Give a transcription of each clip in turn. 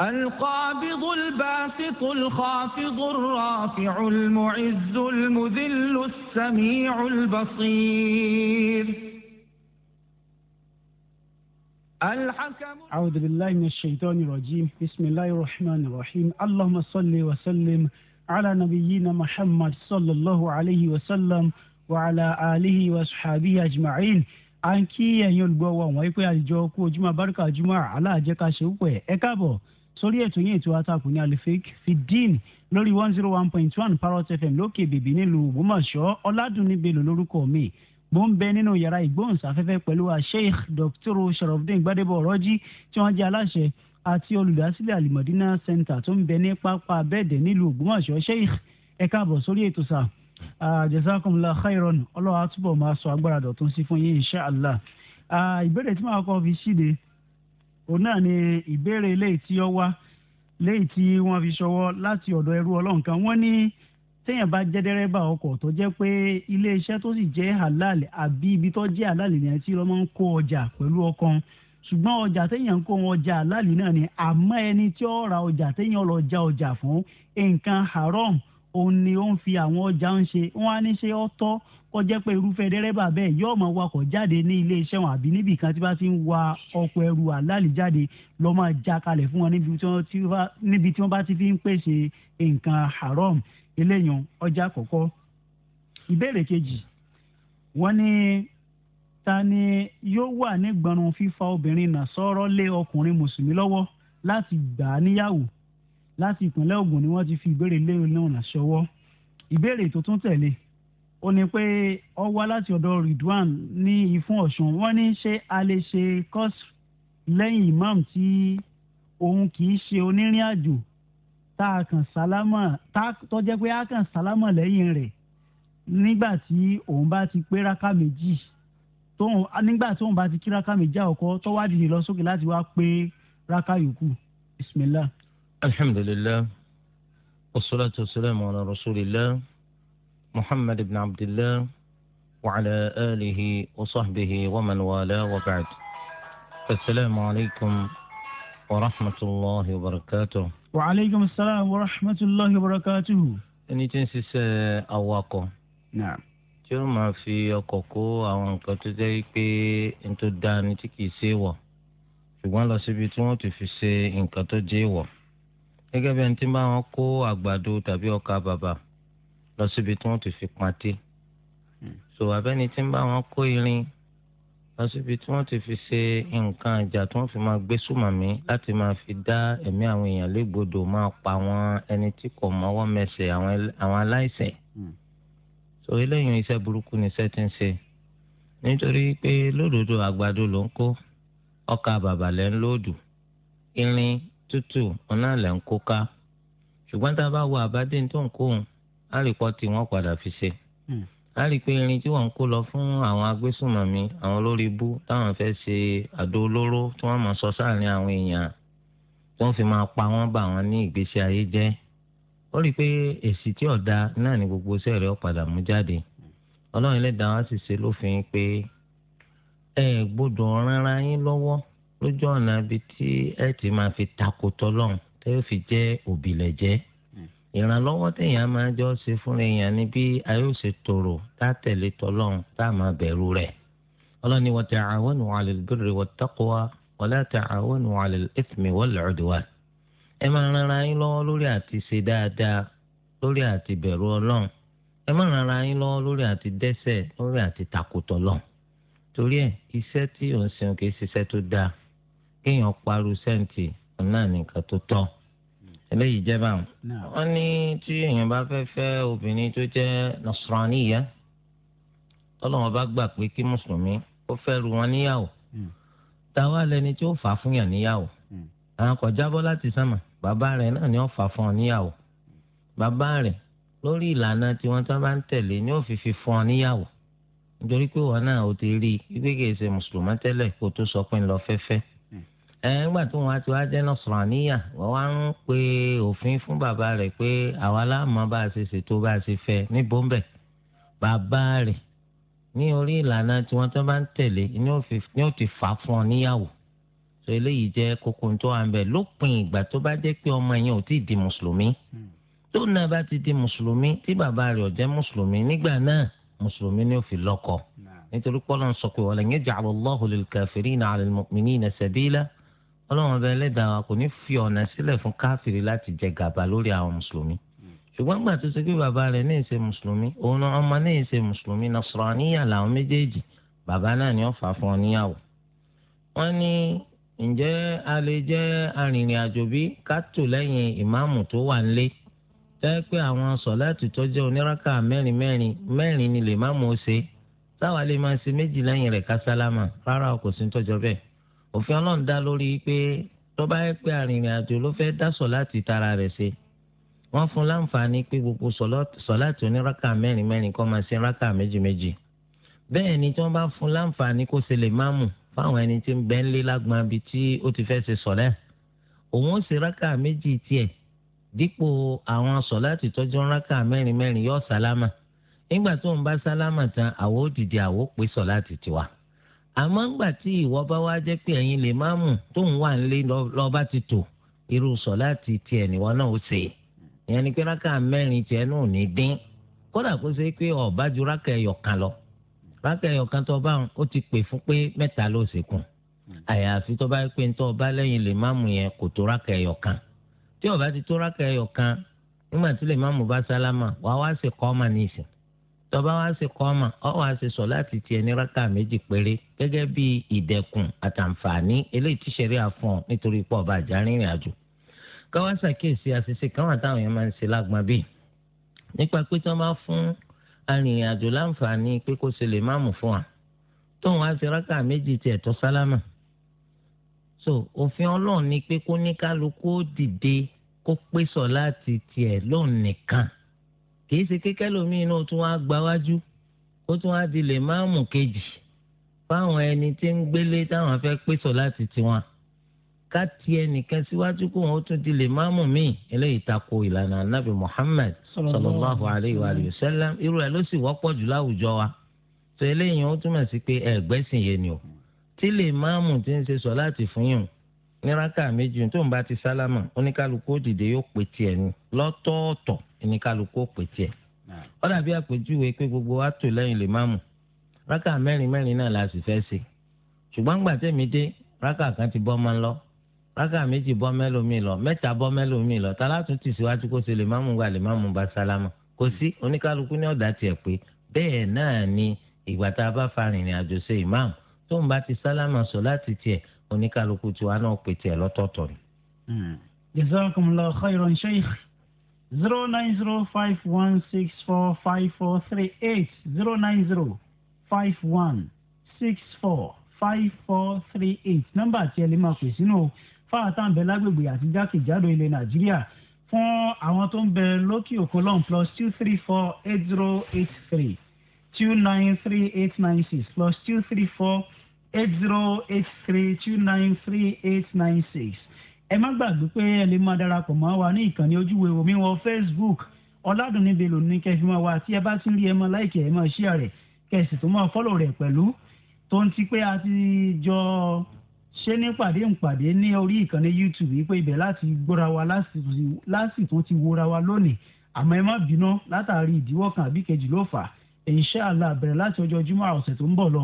القابض الباسط الخافض الرافع المعز المذل السميع البصير الحكم أعوذ بالله من الشيطان الرجيم بسم الله الرحمن الرحيم اللهم صل وسلم على نبينا محمد صلى الله عليه وسلم وعلى آله وصحبه أجمعين أنكي ń kí ẹ̀yin olùgbọ́ wa wọ̀nyí pé àlejò kú ojúmọ́ sórí ètò yín ètò àtàkùn ní alifek fidin lórí one zero one point one parrot fm lókè bèbí nílùú Ògbómọ̀ṣọ́ ọládùnní belò lórúkọ mi mo ń bẹ nínú yàrá ìgbóhùnsáfẹ́fẹ́ pẹ̀lú sheikh dr sharafdin gbadebo ọ̀rọ́jì tí wọ́n jẹ́ aláṣẹ àti olùdásílẹ̀ alimọ̀dínà center tó ń bẹ ní pápá bẹ́ẹ̀dẹ̀ nílùú Ògbómọ̀ṣọ́ sheikh ẹ káàbọ̀ sórí ètò sáà jazakumullah khairan ọlọ́wà túbọ̀ máa sọ agbára dọ̀tún sí fún yín insha allah ìbéèrè tí màá kọ́ fi ṣíde òun náà ni ìbéèrè eléyìí tí ó wá léyìí tí wọ́n fi ṣọwọ́ láti ọ̀dọ̀ ẹrú Ọlọ́run kan wọ́n ní téèyàn bá jẹ́ dẹ́rẹ́bà ọkọ̀ tó jẹ́ pé iléeṣẹ́ tó sì jẹ́ halal àbí ibi tó jẹ́ halal ni àti ọmọ ń kó ọjà pẹ̀lú ọkàn ṣùgbọ́n ọjà téèyàn ń kó ọjà halal náà ni àmọ́ ẹni tí ó ra ọjà téèyàn lọ ja ọjà fún nǹkan haram òun ni ó ń fi àwọn ọjà ń ṣe wọn á ní ṣe ọ tọ́ ó jẹ́ pé irúfẹ́ dẹ́rẹ́bà bẹ́ẹ̀ yóò máa wakọ̀ jáde ní ilé iṣẹ́ wọn àbí níbì kan tí bá ti ń wa ọkọ̀ ẹrù àlálì jáde lọ́ máa já kalẹ̀ fún wọn níbi tí wọ́n bá ti fi ń pèsè nǹkan haram eléyàn ọjà àkọ́kọ́. ìbéèrè kejì wọ́n ní ta ni yóò wà nígbọnrún fífa obìnrin nà sọ́rọ́ lé ọkùnrin mùsùlùmí lọ́wọ́ láti gbà á níyàwó láti ìpínlẹ̀ Ògùn ni wọ́n ti fi ìbéèrè lé náà ṣọwọ́ ìbéèrè tó tún tẹ̀lé ó ni pé ó wá láti ọ̀dọ̀ Ridwan ní Ìfún Ọ̀ṣun wọ́n ní ṣé a lè ṣe kọ́sù lẹ́yìn imam tí òun kì í ṣe onírìn àjò tá a kàn sálámà tá tó jẹ́ pé a kàn sálámà lẹ́yìn rẹ̀ nígbà tí òun bá ti pé rákà méjì tóun nígbà tóun bá ti kí rákà méjì àkọ́kọ́ tó wá dìde lọ sókè láti wá pé rákà yòókù bismillah. الحمد لله والصلاة والسلام على رسول الله محمد بن عبد الله وعلى آله وصحبه ومن والاه وبعد السلام عليكم ورحمة الله وبركاته وعليكم السلام ورحمة الله وبركاته ẹni tí أواكو؟ نعم. awakọ̀ tí ó máa fi ọkọ̀ kó àwọn nǹkan tó jẹ́ pé n tó dáa ni tí kìí ṣe wọ̀ ṣùgbọ́n lọ síbi tí wọ́n ti fi ṣe nǹkan tó jẹ́ wọ̀ gẹ́gẹ́ bí ẹni tí ń bá wọn kó àgbàdo tàbí ọkà bàbà lọ síbi tí wọ́n ti fi pàtẹ hmm. so abẹ́ni tí ń bá wọn kó irin lọ síbi tí wọ́n ti fi ṣe nǹkan ìjà tí wọ́n fi máa gbé sùmàmí láti máa fi dá ẹ̀mí àwọn èèyàn légbodò máa pa àwọn ẹni tí kò mọ́wọ́ mẹsẹ̀ àwọn aláìṣẹ̀ hmm. so eléyìí iṣẹ́ burúkú ni iṣẹ́ ti ń ṣe nítorí pé lódodo àgbàdo ló ń kó ọkà bàbà lẹ́ irin tútù ọ̀nà àlẹ́ ń kó ká ṣùgbọ́n tá a bá wo àbádé tó ń kó òun á rí pọ́ tí wọ́n padà fi ṣe á hmm. rí pé irin tí wọ́n ń kó lọ fún àwọn agbésùnmọ̀mí àwọn olórí ibú táwọn fẹ́ ṣe àdó olóró tí wọ́n máa sọ sáàrin àwọn èèyàn tó ń fi máa pa wọ́n bá wọn ní ìgbésí ayé jẹ́ ó rí pé èsì tí ọ̀dà náà ni gbogbo iṣẹ́ rẹ̀ padà mú jáde ọlọ́run lẹ́dàá wá sì ṣe lófin pé ẹ gbọ́dọ̀ rán lójú ọ̀nà ibi tí ẹ ti máa fi takò tọ́lọ́run tẹ́ ẹ fi jẹ́ òbílẹ̀ jẹ́ hmm. ìrànlọ́wọ́ téèyàn máa jọ ṣe fún èèyàn ni bí a yóò ṣe tòrò tá a tẹ̀lé tọ́lọ́run tá a máa bẹ̀rù rẹ̀ ọlọ́ni wa ta'awanu 'ala al-birri wat-taqwa wa la ta'awanu 'ala al-ithmi wal-'udwan ẹ máa rara yín lọ́wọ́ lórí àti ṣe dáadáa lórí àti bẹ̀rù ọlọ́run ẹ má ràn yín lọ́wọ́ lórí àti dẹ́ṣẹ̀ lórí àti takòtò lọ torí ẹ iṣẹ́ tí òun ṣeun kì í ṣiṣẹ́ tó dáa kéèyàn paru sẹ́ǹtì náà nìkan tó tọ́ eléyìí jẹ́ báwọn. wọ́n ní tí èèyàn bá fẹ́ fẹ́ obìnrin tó jẹ́ nasraniya ọlọ́wọ́n bá gbà pé kí mùsùlùmí ó fẹ́ ru wọn níyàwó hmm. táwa lẹni tí ó fà á fún yàn níyàwó hmm. àwọn kò jábọ́ láti sánmà bàbá rẹ̀ náà ni ó fà á fún ọ níyàwó bàbá rẹ̀ lórí ìlànà tí wọ́n tán bá ń tẹ̀lé ni ó fi fi fún ọ níyàwó nítorí pé wọn náà ó ti rí i wípé kì ṣe mùsùlùmá tẹ́lẹ̀ kó tó sọ pé ń lọ fẹ́fẹ́ nígbà tí wọ́n ti wá jẹ́ nọ́sọ̀ràníyà wọ́n wá ń pe òfin fún bàbá rẹ̀ pé àwa láàmú bá a ṣe ṣètò bá a ṣe fẹ́ ní bọ́m̀bẹ̀ bàbá rẹ̀ ní orí ìlànà tí wọ́n tó bá ń tẹ̀lé ni ó ti fà á fún ọ níyàwó so eléyìí jẹ́ kókó tó wà ń bẹ̀ lópin ìgbà tó bá jẹ́ pé ọmọ yẹn ò tí ì di mùsùlùmí tó náà bá ti di mùsùlùmí tí bàbá rẹ̀ ò jẹ́ mùsùlùmí nígbà náà mùsùlùmí ni ó fi lọ́kọ nítorí pọ́lọ́n sọ pé wọ́n lè yẹn ja'ala Allahu lil kafirina 'ala al mu'minina sabila ọlọ́run ọba ẹlẹ́dàá wa kò ní fi ọ̀nà sílẹ̀ fún káfíìrì láti jẹ gàba lórí àwọn mùsùlùmí ṣùgbọ́n gbà tó ṣe pé bàbá rẹ̀ ní ìṣe mùsùlùmí òun ọmọ ní ìṣe mùsùlùmí nasraniya làwọn méjèèjì bàbá náà ni ó fà fún ọ níyàwó. wọ́n ní ǹjẹ́ a lè jẹ́ arìnrìn àjò bí kátó lẹ́yìn ìmáàmù tó wà nílé jẹ́ pé àwọn sọ̀láàtì tó jẹ́ oníraka mẹ́rin mẹ́rin mẹ́rin ni lè má mú ó ṣe táwa lè máa ṣe méjì lẹ́yìn rẹ̀ kásálámà rárá o sí tó bẹ́ẹ̀ òfin ọlọ́run dá lórí pé tó bá yẹ pé arìnrìn àjò ló fẹ́ dá sọ láti tara rẹ̀ ṣe wọ́n fún láǹfààní pé gbogbo sọ̀láàtì oníraka mẹ́rin mẹ́rin kó máa ṣe raka méjì méjì bẹ́ẹ̀ ni tí wọ́n bá fún láǹfààní kó ṣe lè má mú fáwọn ẹni tí ń bẹ́ ń lé lágbọ́n ibi tí ó ti fẹ́ ṣe sọ̀lẹ́ òun ó ṣe raka méjì tiẹ̀ dípò àwọn sọ̀láàtì tọ́jú raka mẹ́rin mẹ́rin yóò sálámà nígbà tó ń bá sálámà tán àwo dìde àwo pé sọ̀láàtì tiwa àmọ́ ńgbà tí ìwọ bá wá jẹ́ pé ẹ̀yin lè má mú tóun wà nílé lọ́ba ti tò irú sọ̀láàtì tiẹ̀ níwọ náà ó ṣe ìyẹn ni pé rákà mẹ́rin tiẹ̀ náà ò ní dín kódà kó ṣe pé ọ̀bá ju rákà ẹ̀yọ̀kan lọ rákà ẹ̀yọ̀kan tó bá ó ti pè fún pé mẹ́ta ló ṣe kù àyàfi tó bá pé tó bá lẹ́yìn lè má mú yẹn kò tó rákà ẹ̀yọ̀kan tí ọ̀bá ti tó rákà ẹ̀yọ̀kan nígbà tí lè má mú bá sálámà wàá wá ṣe kọ́ ọ́ mà ní tọba wa se kọ́mà ọ wa se sọ láti tiẹ̀ ní rákà méjì péré gẹ́gẹ́ bí ìdẹ̀kùn àtàǹfààní eléyìí tí ṣẹ̀rí àfọ̀n nítorí pọ̀ bá àjà rìnrìn àjò káwá ṣàkíyèsí àṣìṣe kan wà táwọn yẹn máa ń ṣe lágbọ́n bíi nípa pé tí wọ́n bá fún arìnrìn àjò láǹfààní pé kó ṣe lè má mú fún wa tóun wá ṣe rákà méjì tiẹ̀ tó sálámà so òfin ọlọ́run ni pé kó ní kálukú ó dìde kó pèsò láti tiẹ̀ lóun nìkan kì í ṣe kékeré lómi inú tún wá gbáwájú ó tún wá di lè máàmù kejì fáwọn ẹni tí ń gbélé táwọn fẹ́ pèsò láti tiwọn ká ti ẹnìkan síwájú kó wọn ó tún di lè máàmù míì eléyìí tako ìlànà anabi muhammed sallallahu alayhi wa sallam irú ẹ̀ ló sì wọ́pọ̀ jù láwùjọ wa tó eléyìí ó túmọ̀ sí pé ẹ̀gbẹ́sìn yẹn ni o tí lè máàmù ti ń ṣe sọ láti fún yìí ní méjì tó ń bá ti sálámà oníkálukú òdìdé yóò pè tiẹ̀ ní lọ́tọ̀ọ̀tọ̀ ní kálukú òpè tiẹ̀ ó dàbí àpèjúwe pé gbogbo wa tò lẹ́yìn lè máàmù rákà mẹ́rin mẹ́rin náà la sì fẹ́ ṣe ṣùgbọ́n gbà tẹ̀mí dé rákà kan ti bọ́ máa ń lọ rákà méjì bọ́ mẹ́lòmíì lọ mẹ́ta bọ́ mẹ́lòmíì lọ tá látún tì síwájú kó ṣe lè máàmù gbà lè máàmù bá sálámà kò sí oníkálukú ní ọ̀dà tiẹ̀ pé bẹ́ẹ̀ náà ni ìgbà tá a bá fa rìnrìn àjò ṣe ìmáàmù tó ń bá ti sálámà sọ láti tiẹ̀ oníkálukú tiwa náà pè tiẹ̀ lọ́tọ̀ọ̀tọ̀ ni. Hmm. jazakumullahu khairan zero nine zero five one six four five four three eight zero nine zero five one six four five four three eight nọ́mbà àti ẹlẹ́ máa pè sínú fáwọtàǹbẹ̀ lágbègbè àti jákèjádò ilẹ̀ nàìjíríà fún àwọn tó ń bẹ lókè òkú lọ́n plus two three four eight zero eight three two nine three eight nine six plus two three four eight zero eight three two nine three eight nine six ẹ má gbàgbé pé ẹ lè máa darapọ̀ mọ́ wa ní ìkànnì ojúwe omi wọn facebook ọ̀làdùnní belò ní kẹfí máa wá tí ẹ bá ti rí ẹ máa láìkì ẹ máa ṣíà rẹ̀ kẹsì tó máa fọ́lọ̀ rẹ̀ pẹ̀lú tó ń ti pé a ti jọ ṣe ní pàdé ǹpàdé ní orí ìkànnì youtube wípé ibẹ̀ láti gbọ́ra wa lásìkò ti wora wa lónìí àmọ́ ẹ má bínú látàrí ìdíwọ́ kan àbí kejì ló fà á inshallah bẹ̀rẹ̀ láti ọjọ́ jumọ́ ọ̀sẹ̀ tó ń bọ̀ lọ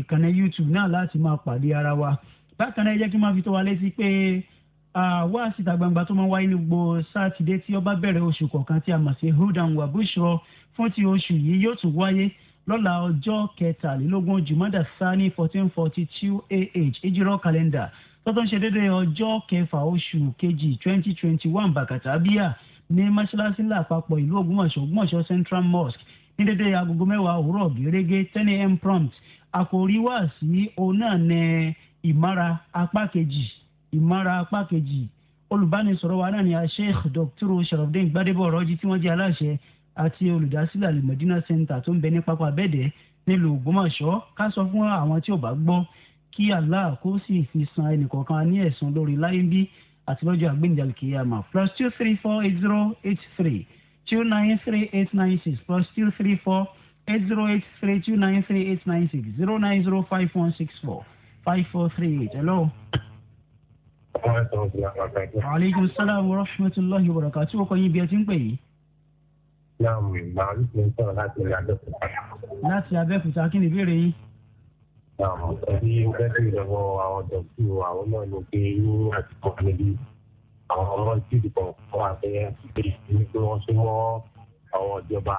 ìkànnì youtube náà láti máa pàdé ara wa bákan náà ẹ jẹ́ kí n máa fi tó wa létí pé wá síta gbangba tó máa ń wáyé ní gbogbo sátidé tí ó bá bẹ̀rẹ̀ oṣù kọ̀ọ̀kan tí a mọ̀ sí hudan wabushro fún ti oṣù yìí yóò tún wáyé lọ́la ọjọ́ kẹtàlélógún jumada sani fourteen forty two ah ejirọ́ kàlẹ́ndà tọ́tọ́ ń ṣe déédéé ọjọ́ kẹfà oṣù kejì twenty twenty one bàkàtà bíyà ní mọ́ṣáláṣí làpapọ̀ ìlú ògbómọ̀ṣọ́ ògbómọ̀ṣọ́ central mosque ní déédéé agogo mẹ́wàá òwúrọ̀ gẹ́gẹ́ ten am prompt àkòrí wá sí òun náà ní ìmára apá kejì ìmọ̀ra apá kejì olùbánisọ̀rọ̀ wa náà ni sheikh dr sharafdin gbadebo ọ̀rọ̀jì tí wọ́n jẹ́ aláṣẹ àti olùdásílẹ̀ alimọ̀dínà center tó ń bẹ ní pápá abẹ́dẹ̀ nílùú ògbómọ̀ṣọ́ ká sọ fún àwọn tí ò bá gbọ́ kí allah kó sì fi san ẹnìkọ̀ọ̀kan ní ẹ̀san lórí láyé bí àti lọ́jọ́ àgbéǹdàlù kìyàmà plus two three four eight zero eight three two nine three eight nine six plus two three four eight zero eight three two nine three eight nine six zero nine zero five one six four five four three eight hello aleykum salaam wa rahmatulahi wa barakati o kò yin bí ẹ ti ń pè yìí. naam màálù ti ń sọ̀rọ̀ láti ilé abẹ́òkúta. láti abẹ́òkúta kí ni ìbéèrè yín. naam ẹbí bẹ́ẹ̀ lọ́wọ́ àwọn dọ̀tí o àwọn náà ló pé ní àtìkọ́ níbi àwọn ọmọ ìdílé kan fún abẹ́yẹ ní pé wọ́n súnmọ́ àwọn ìjọba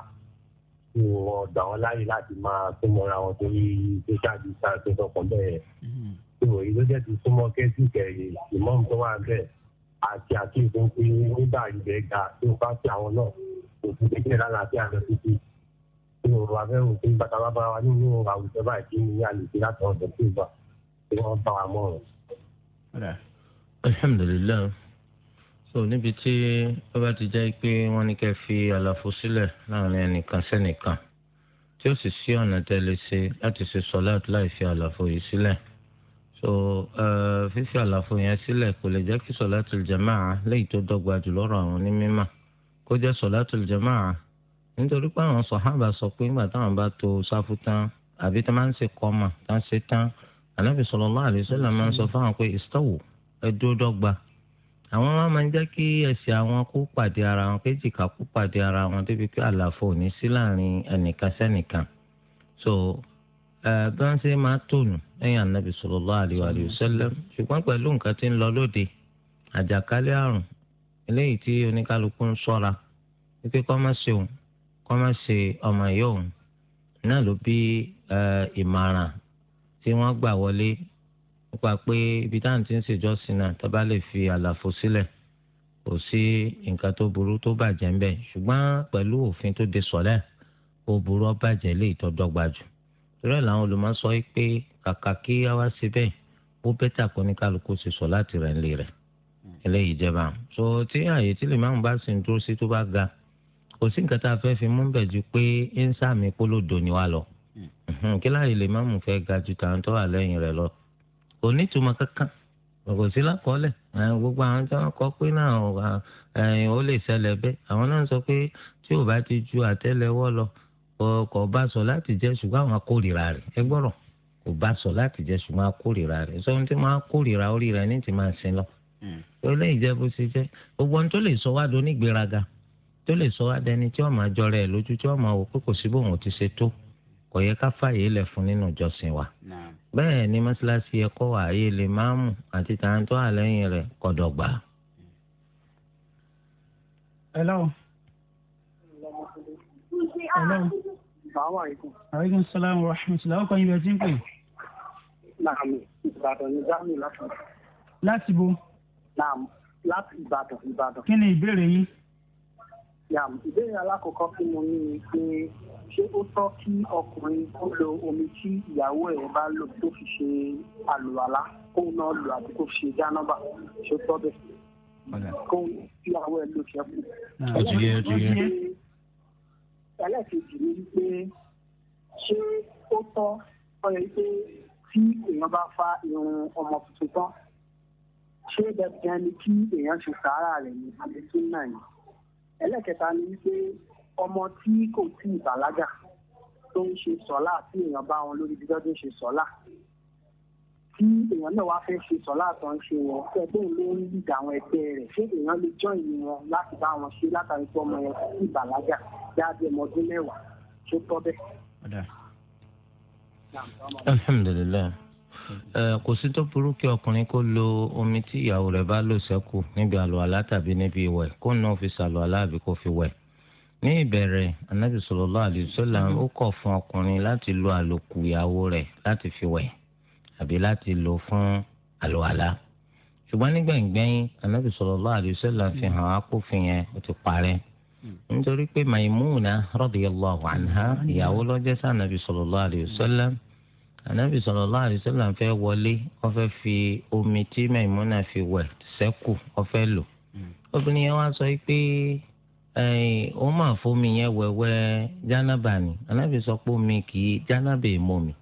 tí wọ́n gbà wọ́n láyè láti máa súnmọ́ra wọn torí social distance tó sọ̀kan bẹ́ẹ̀. Mm-hmm ìwòyí ló jẹ́ ti súnmọ́ kẹ́sì kẹ̀yìn ìmọ̀ọ́mù tó wà bẹ́ẹ̀ àti àkíyèsí pé nígbà ìgbẹ́ ga tí ó bá ti àwọn náà kò tún kékeré lára àti àjọ títí tí òun wà fẹ́ràn pé bàtà bá bá wa nínú àwùjọ báyìí tí mo ní àlejò láti ọ̀dọ̀ tó gbà tí wọ́n bá wa mọ̀ ọ̀rọ̀. alhamdulilayi so níbi tí ó bá ti jẹ́ pé wọ́n ní kẹ́ fi àlàfo sílẹ̀ láàrin ẹnìkan sẹ́nìkan tí ó sì sí ọ̀nà tẹ́lẹ̀ ṣe láti ṣe sọ́láàtì láì fi àlàfo yìí sílẹ̀ so fífi àlàfo yẹn sílẹ̀ kò lè jẹ́ kí sọ̀látùl jàmáà léyìí tó dọ́gba jù lọ́rọ̀ àwọn onímọ̀ kó jẹ́ sọ̀látùl jàmáà nítorí pé àwọn sọ̀hábà sọ pé nígbà táwọn bá to sáfù tán àbí tá máa ń ṣe kọ́mà tá ń ṣe tán ànábì sallallahu alaihi wasallam máa ń sọ fáwọn pé istawu ẹ dúró dọ́gba àwọn máa máa ń jẹ́ kí ẹsẹ̀ àwọn kó pàdé ara wọn pé èjìká kó pàdé ara wọn débi pé àlàfo ò ní sí láàrin ẹnìkan sẹ́nìkan so bí wọ́n ṣe máa tònù lẹ́yìn anabi sallallahu alaihi wa sallam ṣùgbọ́n pẹ̀lú nǹkan tí ń lọ lóde àjàkálẹ̀ àrùn eléyìí tí oníkálukú ń ṣọ́ra wípé kọ́ má ṣe òun kọ́ má ṣe ọmọ ìyá òun náà ló bí ìmọ̀ràn tí wọ́n gbà wọlé nípa pé ibi táwọn ti ń ṣèjọ́sìn náà tó bá lè fi àlàfo sílẹ̀ kò sí nǹkan tó burú tó bàjẹ́ ńbẹ̀ ṣùgbọ́n pẹ̀lú òfin tó de sọ̀lẹ́ ó burú ó bàjẹ́ léyìí tó dọ́gba torí ẹ̀ làwọn olùmọ̀ sọ pé kàkà kí a wá ṣe bẹ́ẹ̀ ó bẹ́tà kó ní kálukú ṣe sọ láti rẹ̀ ńlẹ̀ rẹ̀ eléyìí jẹba so tí àyè tí lè máa bá sin dúró sí tó bá ga kò sí nǹkan tá a fẹ́ fi mú bẹ̀ ju pé ń sàmì polódo ni wá lọ kí láàyè lè má mú fẹ́ ga ju tàwọn wà lẹ́yìn rẹ̀ lọ kò ní ìtumọ̀ kankan kò sí lákọọ́lẹ̀ gbogbo àwọn tí wọ́n kọ́ pé náà ó lè ṣẹlẹ̀ bẹ́ẹ̀ àwọn náà sọ pé tí ò bá ti ju àtẹ́lẹwọ́ lọ kò bá sọ láti jẹ́ ṣùgbọ́n àwọn akórìíra rẹ̀ ẹ gbọ́rọ̀ kò bá sọ láti jẹ́ ṣùgbọ́n akórìíra rẹ̀ sọ ní ti máa kórìíra orí rẹ̀ ní ti máa sin lọ. ó hmm. lè jẹ́ bó ṣe jẹ́ gbogbo ohun tó lè sọ wá do nígbéraga tó lè sọ wá dẹni tí ó máa jọra ẹ̀ lójú tí ó máa wò pé kò sí bóun ti ṣe tó kò yẹ ká fààyè lẹ̀ fún nínú ìjọsìn wa. bẹ́ẹ̀ ni mọ́ṣáláṣí ẹ̀kọ́ ààyè lè máa àti tàǹtọ́ àlẹ́yìn rẹ̀ kọ̀dọ̀gbà. Hello. Hello salaamaleykum. aleykum salaam wa rahmatulah ọkọ yín bẹ tí ń pè. naam ìbàdàn ni jamiu láti. láti bo. naam láti ìbàdàn ìbàdàn. kí ni ìbéèrè yín. yàm ìbéèrè alákọ̀ọ́kọ́ tí mo ní ni pé ṣé ó tọ́ kí ọkùnrin kó lo omi tí ìyàwó ẹ̀ bá lò tó fi ṣe àlùwàlá kóun náà lò àti kó fi ṣe jánábà ṣé tọ́ bẹ́ẹ̀ kóun ìyàwó ẹ̀ lò ṣẹ́kù. ó ti yé ó ti yé ẹlẹ́ẹ̀kejì ni wípé ṣé ó tọ́ ọyọ pé tí èèyàn bá fa irun ọmọ tuntun tán ṣé dandan ni kí èèyàn ṣe sàárà rẹ̀ ní àbí súnà yìí ẹlẹ́ẹ̀kẹta ni wípé ọmọ tí kò tí ì bàlágà tó ń ṣe sọ́lá tí èèyàn bá wọn lórí bí wọ́n ṣe sọ́lá tí èèyàn náà wá fẹ́ ṣe sọ látàn ṣe wọn fẹ́ tó ń lé ń dìgbà àwọn ẹgbẹ́ rẹ̀ ṣé èèyàn lè jọ́ ìlú wọn láti bá wọn ṣe látàrí pé ọmọ yẹn sí ìbàlágà dáadé ọmọ ọdún mẹ́wàá tó tọ́ bẹ́ẹ̀. alhamdulilayi kò sí tó burú kí ọkùnrin kó lo omi tí ìyàwó rẹ̀ bá lò sẹ́kù níbi àlùwàlá tàbí níbi ìwẹ̀ kó náà fi ṣàlùwàlá àbí kó fi wẹ̀ ní ìbẹ̀rẹ̀ anabi sallallahu alaihi wasallam ó kọ̀ fún ọkùnrin láti lo àlòkù ìyàwó rẹ̀ láti fi wẹ̀ àbí láti lò fún àlùwàlá ṣùgbọ́n nígbẹ̀ngbẹ́yìn anábì sallallahu alaihi wasallam fi hàn ápòfin yẹn ó ti parẹ́ hmm. nítorí pé Maimuna radiyallahu anha ìyàwó lọ́jọ́ sí anábì sallallahu alaihi wasallam anábì sallallahu alaihi wasallam fẹ́ wọlé ó fẹ́ fi omi tí Maimuna fi wẹ̀ sẹ́kù ó fẹ́ lò hmm. obìnrin yẹn wá sọ pé ó máa fomi yẹn wẹ̀wẹ́ jánábà ni anábì sọ pé omi kì í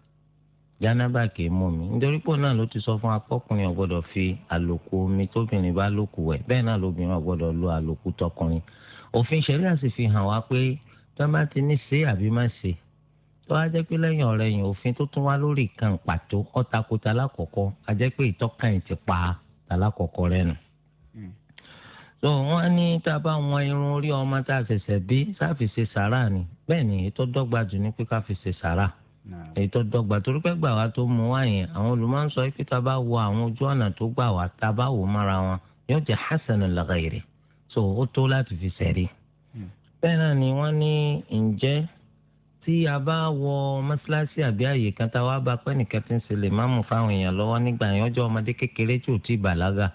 jánábà kì í mú mi nítorí pé náà ló ti sọ fún akọkùnrin ọgbọ́dọ̀ fi àlòkù omi tóbìnrin bá lòkù wẹ̀ bẹ́ẹ̀ náà lóbìnrin ọgbọ́dọ̀ lo àlòkù tọkùnrin òfin ṣẹlẹ̀ sì fi hàn wá pé tí wọ́n bá ti ní ṣe àbí má ṣe tó a jẹ́ pé lẹ́yìn ọ̀rẹ́ yìí òfin tó tún wá lórí kan pàtó ọ̀takùtà lákọ̀ọ́kọ́ a jẹ́ pé ìtọ́kàn yìí ti pa tàlákọ̀ọ́kọ́ rẹ̀ nù. Hmm. so wọ́n ní tá a bá wọn irun orí ọmọ tá a ṣẹ̀ṣẹ̀ bí sáà sàrà ni bẹ́ẹ̀ ni ètò dọ́gba jù ní pé ká sàrà èyí tó dọ́gba torí pé gbà wá tó mú wá yẹn àwọn olùmọ̀ ń sọ pé tá a bá wo àwọn ojú ọ̀nà tó gbà wá tá a bá wò mára wọn yóò jẹ́ hasanul laghairi so ó tó láti fi sẹ̀rí. Hmm. bẹ́ẹ̀ náà ni wọ́n ní ǹjẹ́ tí a bá wọ mọ́ṣáláṣí àbí àyè kan tá a wá bá pẹ́ nìkan tí ń ṣe lè máàmù fáwọn èèyàn lọ́wọ́ nígbà yẹn ọjọ́ ọmọdé kékeré tí ò tí ì bàlágà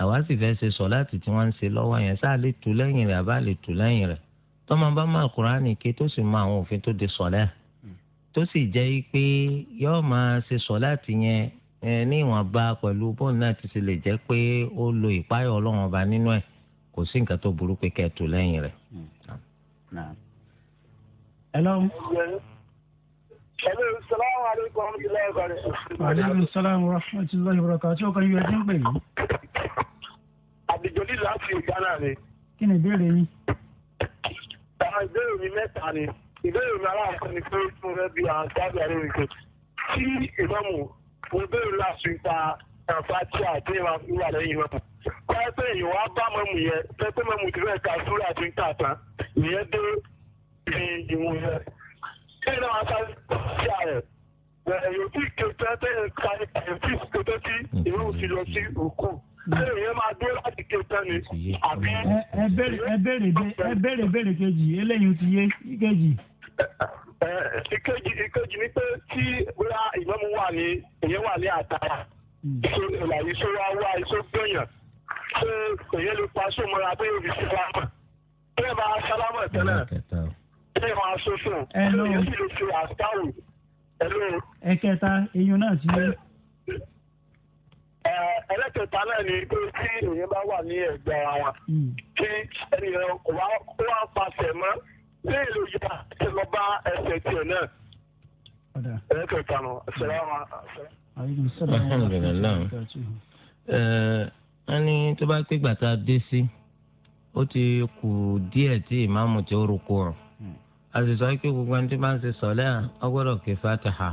àwa sì fẹ́ ṣe sọ láti tí wọ́n ń ṣe lọ́wọ́ yẹn sáà lè tù lẹ́yìn rẹ̀ àbá lè tù lẹ́yìn rẹ̀ tọ́mọ bá máa Kùránì ké tó sì mọ àwọn òfin tó de sọ̀lẹ́ tó sì jẹ́ pé yóò máa ṣe sọ̀láàtì yẹn ní ìwọ̀nba pẹ̀lú bóun náà ti ṣe lè jẹ́ pé ó lo ìpáyọ̀ ọlọ́run ọba nínú ẹ̀ kò sí nǹkan tó burú pé kẹ́ẹ̀ tó lẹ́yìn rẹ̀. Hmm. hello. hello salaamu aleykum wa rahmatulahi wa barakatuh. wa aleykum salaam wa rahmatulahi wa barakatuh. tí o kàn yóò ẹjẹ ń pè mí. àdìjọ́lì láti Ghana ni. kí ni ìbéèrè yín. àwọn ìbéèrè mi mẹ́ta ni ìbéèrè mi aláàfin ni pé fún rẹ bí àwọn jáde àlejò tí ìmọ̀mù mo béèrè láti ta àǹfààní àti ìwà ìwà lẹ́yìn ìmọ̀mù pẹ́ẹ́pẹ́ yìí wọ́n á bá mọ̀mù yẹn pẹ́ẹ́pẹ́ mọ̀mù ti fẹ́ẹ́ ka súrà tí ń tà tán ìyẹn dé ibi ìwọ̀n yẹn kí ni wọ́n á sáré sí ààrẹ yóò tí kẹtẹ tẹ ka ẹtí kẹtẹ tí ìwé òsì lọ sí òkú bẹ́ẹ̀ yẹn máa dúró láti kẹtẹ ni àbí. ẹ béèrè béèrè kejì eléyìí ti yé kejì ìkejì ìkejì ni pé tí bóyá ìmọ̀mù wà ní èyẹ wà ní àtàrà hmm. ìṣó ìlà ìṣó wa wá ìṣó gbẹ̀yàn ṣé èyẹ lè pa sómọra bóyá òbí sí sálámà bóyá bá sálámà tẹ́lẹ̀ bóyá máa sọ́sọ́ bóyá yóò sì lè fi àtàwù ẹ̀lú. ẹ̀kẹta eyín náà ti yé. ẹlẹ́kẹta náà ni pé tí èyẹ bá wà ní ẹ̀gbẹ́ ara wọn hmm. tí ẹnìyẹn kò wá pàṣẹ mọ́. bẹ́ẹ̀ ló yá ẹ lọ bá ẹsẹ̀ tiẹ̀ náà. ẹ kẹta nù sàlámà. alhamdulilayi ẹ ẹ ní tó bá pé gbàtà dé sí ó ti kù díẹ̀ tí ìmáàmù ti rúkú rọ̀ a sì sọ pé gbogbo ẹni tí bá ń ṣe sọ̀lẹ́ à ọ gbọ́dọ̀ kí fatiha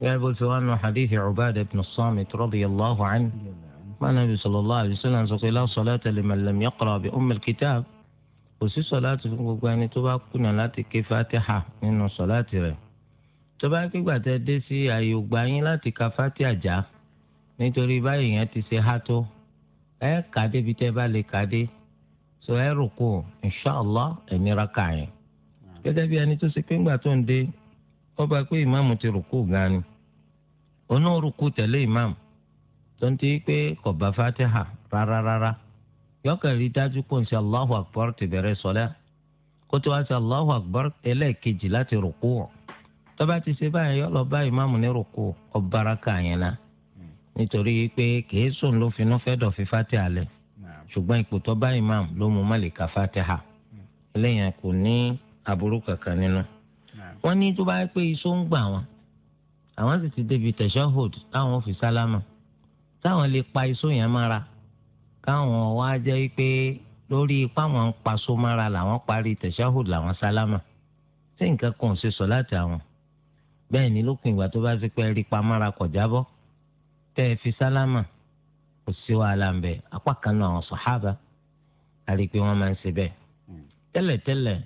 gẹ́gẹ́ bó ti wá nu hadith Ubadah ibn Samit radiyallahu anhu. ما النبي صلى الله عليه وسلم قال لا صلاة لمن لم يقرأ بأم الكتاب kò sí sọláàtì fún gbogbo ẹni tó bá kùnà láti ké fatiha nínú sọláàtì rẹ̀ tó bá kígbà tẹ dé sí ààyè ògbà yín láti ka fatiha já nítorí báyìí yẹn ti ṣe há tó ẹ kà débi tẹ bá lè kà dé so ẹ rò kó inṣàlá ẹnira kà yẹn gẹ́gẹ́ bí ẹni tó ṣe pé ńgbà tó ń dé ó bá pé ìmáàmù ti rò kó gan ni onórùkú tẹ̀lé ìmáàmù tó ń ti pé kò bá fatiha rárá rárá. Rá, rá yọkàn rí dájú pé nṣe allahu akbar ti bẹ̀rẹ̀ sọlá kó tó wá sí allahu akbar ẹlẹ́ẹ̀kejì láti rùkú tó bá ti ṣe báyìí yọ lọ bá ìmáàmù ní rùkú ọ̀báraka yẹn náà nítorí pé kìí sùn ló finú fẹ́ dọ̀fi fatiha lẹ̀ ṣùgbọ́n ipò tó bá ìmáàmù ló mú málìkà fatiha eléyàn kò ní aburú kankan nínú. wọ́n ní tó bá yẹ pé iṣó ń gbà wọn àwọn sì ti débi tashahhud táwọn fi sálámà táwọn lè pa iṣó yẹn mára káwọn wá jẹ́ pé lórí ipá wọn ń paṣọ mára làwọn parí tẹ̀síáhùd làwọn sálámà tí nǹkan kan ò ṣe sọ láti àwọn bẹ́ẹ̀ ni lópin ìgbà tó bá ti pẹ́ rí pamára kọ̀ jábọ́ tẹ́ ẹ fi sálámà kò sí wàhálà ń bẹ apá kan náà àwọn sàhábà àrí pé wọ́n máa ń ṣe bẹ́ẹ̀ hmm. tẹ́lẹ̀tẹ́lẹ̀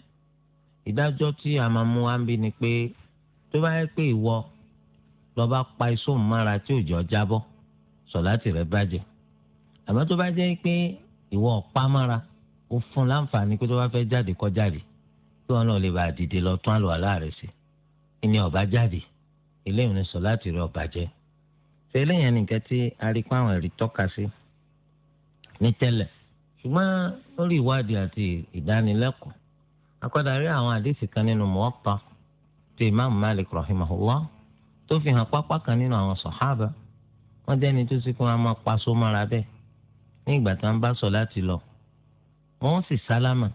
ìdájọ́ tí a máa mú wá ń bí ni pé tó bá yẹ pé ìwọ lọ́ba pa iṣó mára tí òjò jábọ́ sọ̀láàtì rẹ̀ bàjẹ́ àmọ́ tó bá jẹ́ pé ìwọ ọ̀pámára ó fún láǹfààní pé tó bá fẹ́ jáde kó jáde kí wọn náà lè bá dìde lọ tún àlọ́ aláàrẹ̀ sí ìní ọ̀bá jáde eléyìí ni sọ láti rí ọ̀bá jẹ́ ṣe eléyìí ẹnì kan tí arípa àwọn ẹ̀rí tọ́ka sí ní tẹ́lẹ̀ ṣùgbọ́n lórí ìwádìí àti ìdánilẹ́kọ̀ọ́ akọ́darí àwọn àdéhìí kan nínú Muwatta ti Imam Malik rahimahullah tó fi hàn pápá kan nínú àwọn sàhábà wọ́n jẹ́ni tó sì kún wọn máa pa sómọ́ra bẹ́ẹ̀ ní ìgbà tí wọ́n bá sọ láti lọ wọ́n sì sálámà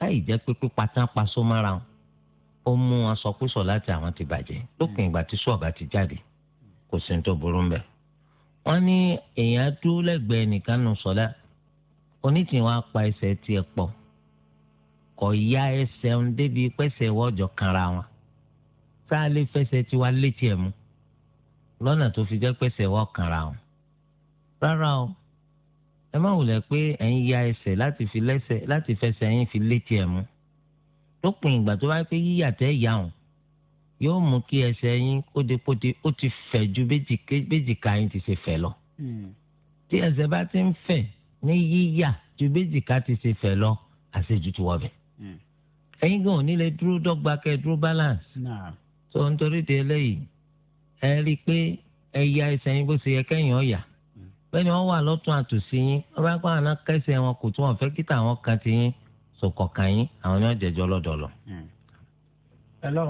láì jẹ́ pé pípatán paṣọ mára wọn ó mú wọn sọ pé sọ láti àwọn ti bàjẹ́ lópin ìgbà tí sọ̀bà ti jáde kò sí ní tó burú mbẹ́. wọ́n ní èèyàn dúró lẹ́gbẹ̀ẹ́ nìkan nù sọ́lá onítìwọ́n apá ẹsẹ̀ tiẹ̀ pọ̀ kò ya ẹsẹ̀ ń débi pẹ́sẹ̀ wọ́jọ́ kanra wọn tá a tiwa létí ẹ̀ mú lọ́nà tó fi jẹ́ pẹ́sẹ̀ wọ́ kanra wọn. rárá o ẹ má wulẹ̀ pé ẹ̀ ń ya ẹsẹ̀ láti fi lẹ́sẹ̀ láti fẹsẹ̀ yín fi létí ẹ̀ mú lópin ìgbà tó bá pé yíyà yà hàn yóò mú kí ẹsẹ̀ yín kódekóde ó ti fẹ̀ ju béjìká yín ti ṣe fẹ̀ lọ. Hmm. tí ẹsẹ̀ bá ti ń fẹ̀ ní yíyà ju béjìká ti ṣe fẹ̀ lọ àṣejù ti wọ̀bẹ̀. Hmm. ẹ̀yin gan ò ní dúró dọ́gba kẹ́ dúró balance. tó ń torí de eléyìí ẹ rí i pé ẹ ya ẹsẹ̀ yín bó ṣe yẹ kẹ́yìn ọ̀yà bẹ́ẹ̀ni wọ́n wà lọ́tún àtòsí yín ọba kọ́ àná kẹsẹ̀ wọn kò tún wọn fẹ́ kíta àwọn kan ti yín sọ̀kọ̀ kan yín àwọn yóò jẹjọ́ lọ́dọọlọ. Hmm. hello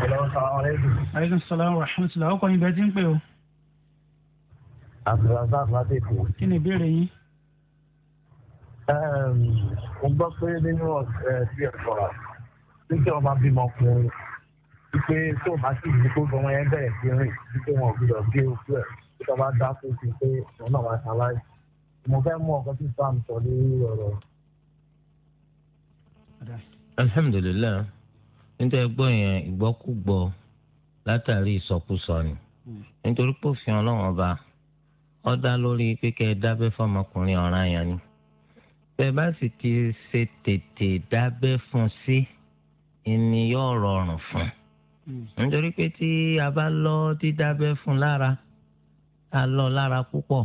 hello salaamaleykum. aleykum salaam wa rahmatulah ọkọ ibẹ ti ń pè o. abdulrasaq láti èkó. kí ni ìbéèrè yín. Ehm, mo gbọ́ pé nínú sí ẹ̀kọ́ rà nígbà wọn bá bímọ ọkùnrin wípé tó o bá sì ní kó gbọmọ yẹn bẹ̀rẹ̀ sí rìn wípé wọn ò gbọdọ̀ gé ojú ẹ̀ tí wọ́n bá dá fún mi pé òun náà wá ṣaláì mo fẹ́ mú ọkọ tí Islam sọ lórí ọ̀rọ̀. alhamdulilayi nítorí gbọ́ yẹn ìgbọ́kúgbọ́ látàrí ìsọkúsọ ni nítorí pé òfin ọlọ́run ọba ó dá lórí pé dábẹ́ fọmọkùnrin ọ̀ràn yẹn ni bẹ́ẹ̀ bá sì ti ṣe tètè dábẹ́ fún sí ìní yóò rọrùn fún un hmm. nítorí pé tí a bá lọ dídábẹ́ fún lára. Mm ta lọ lára púpọ̀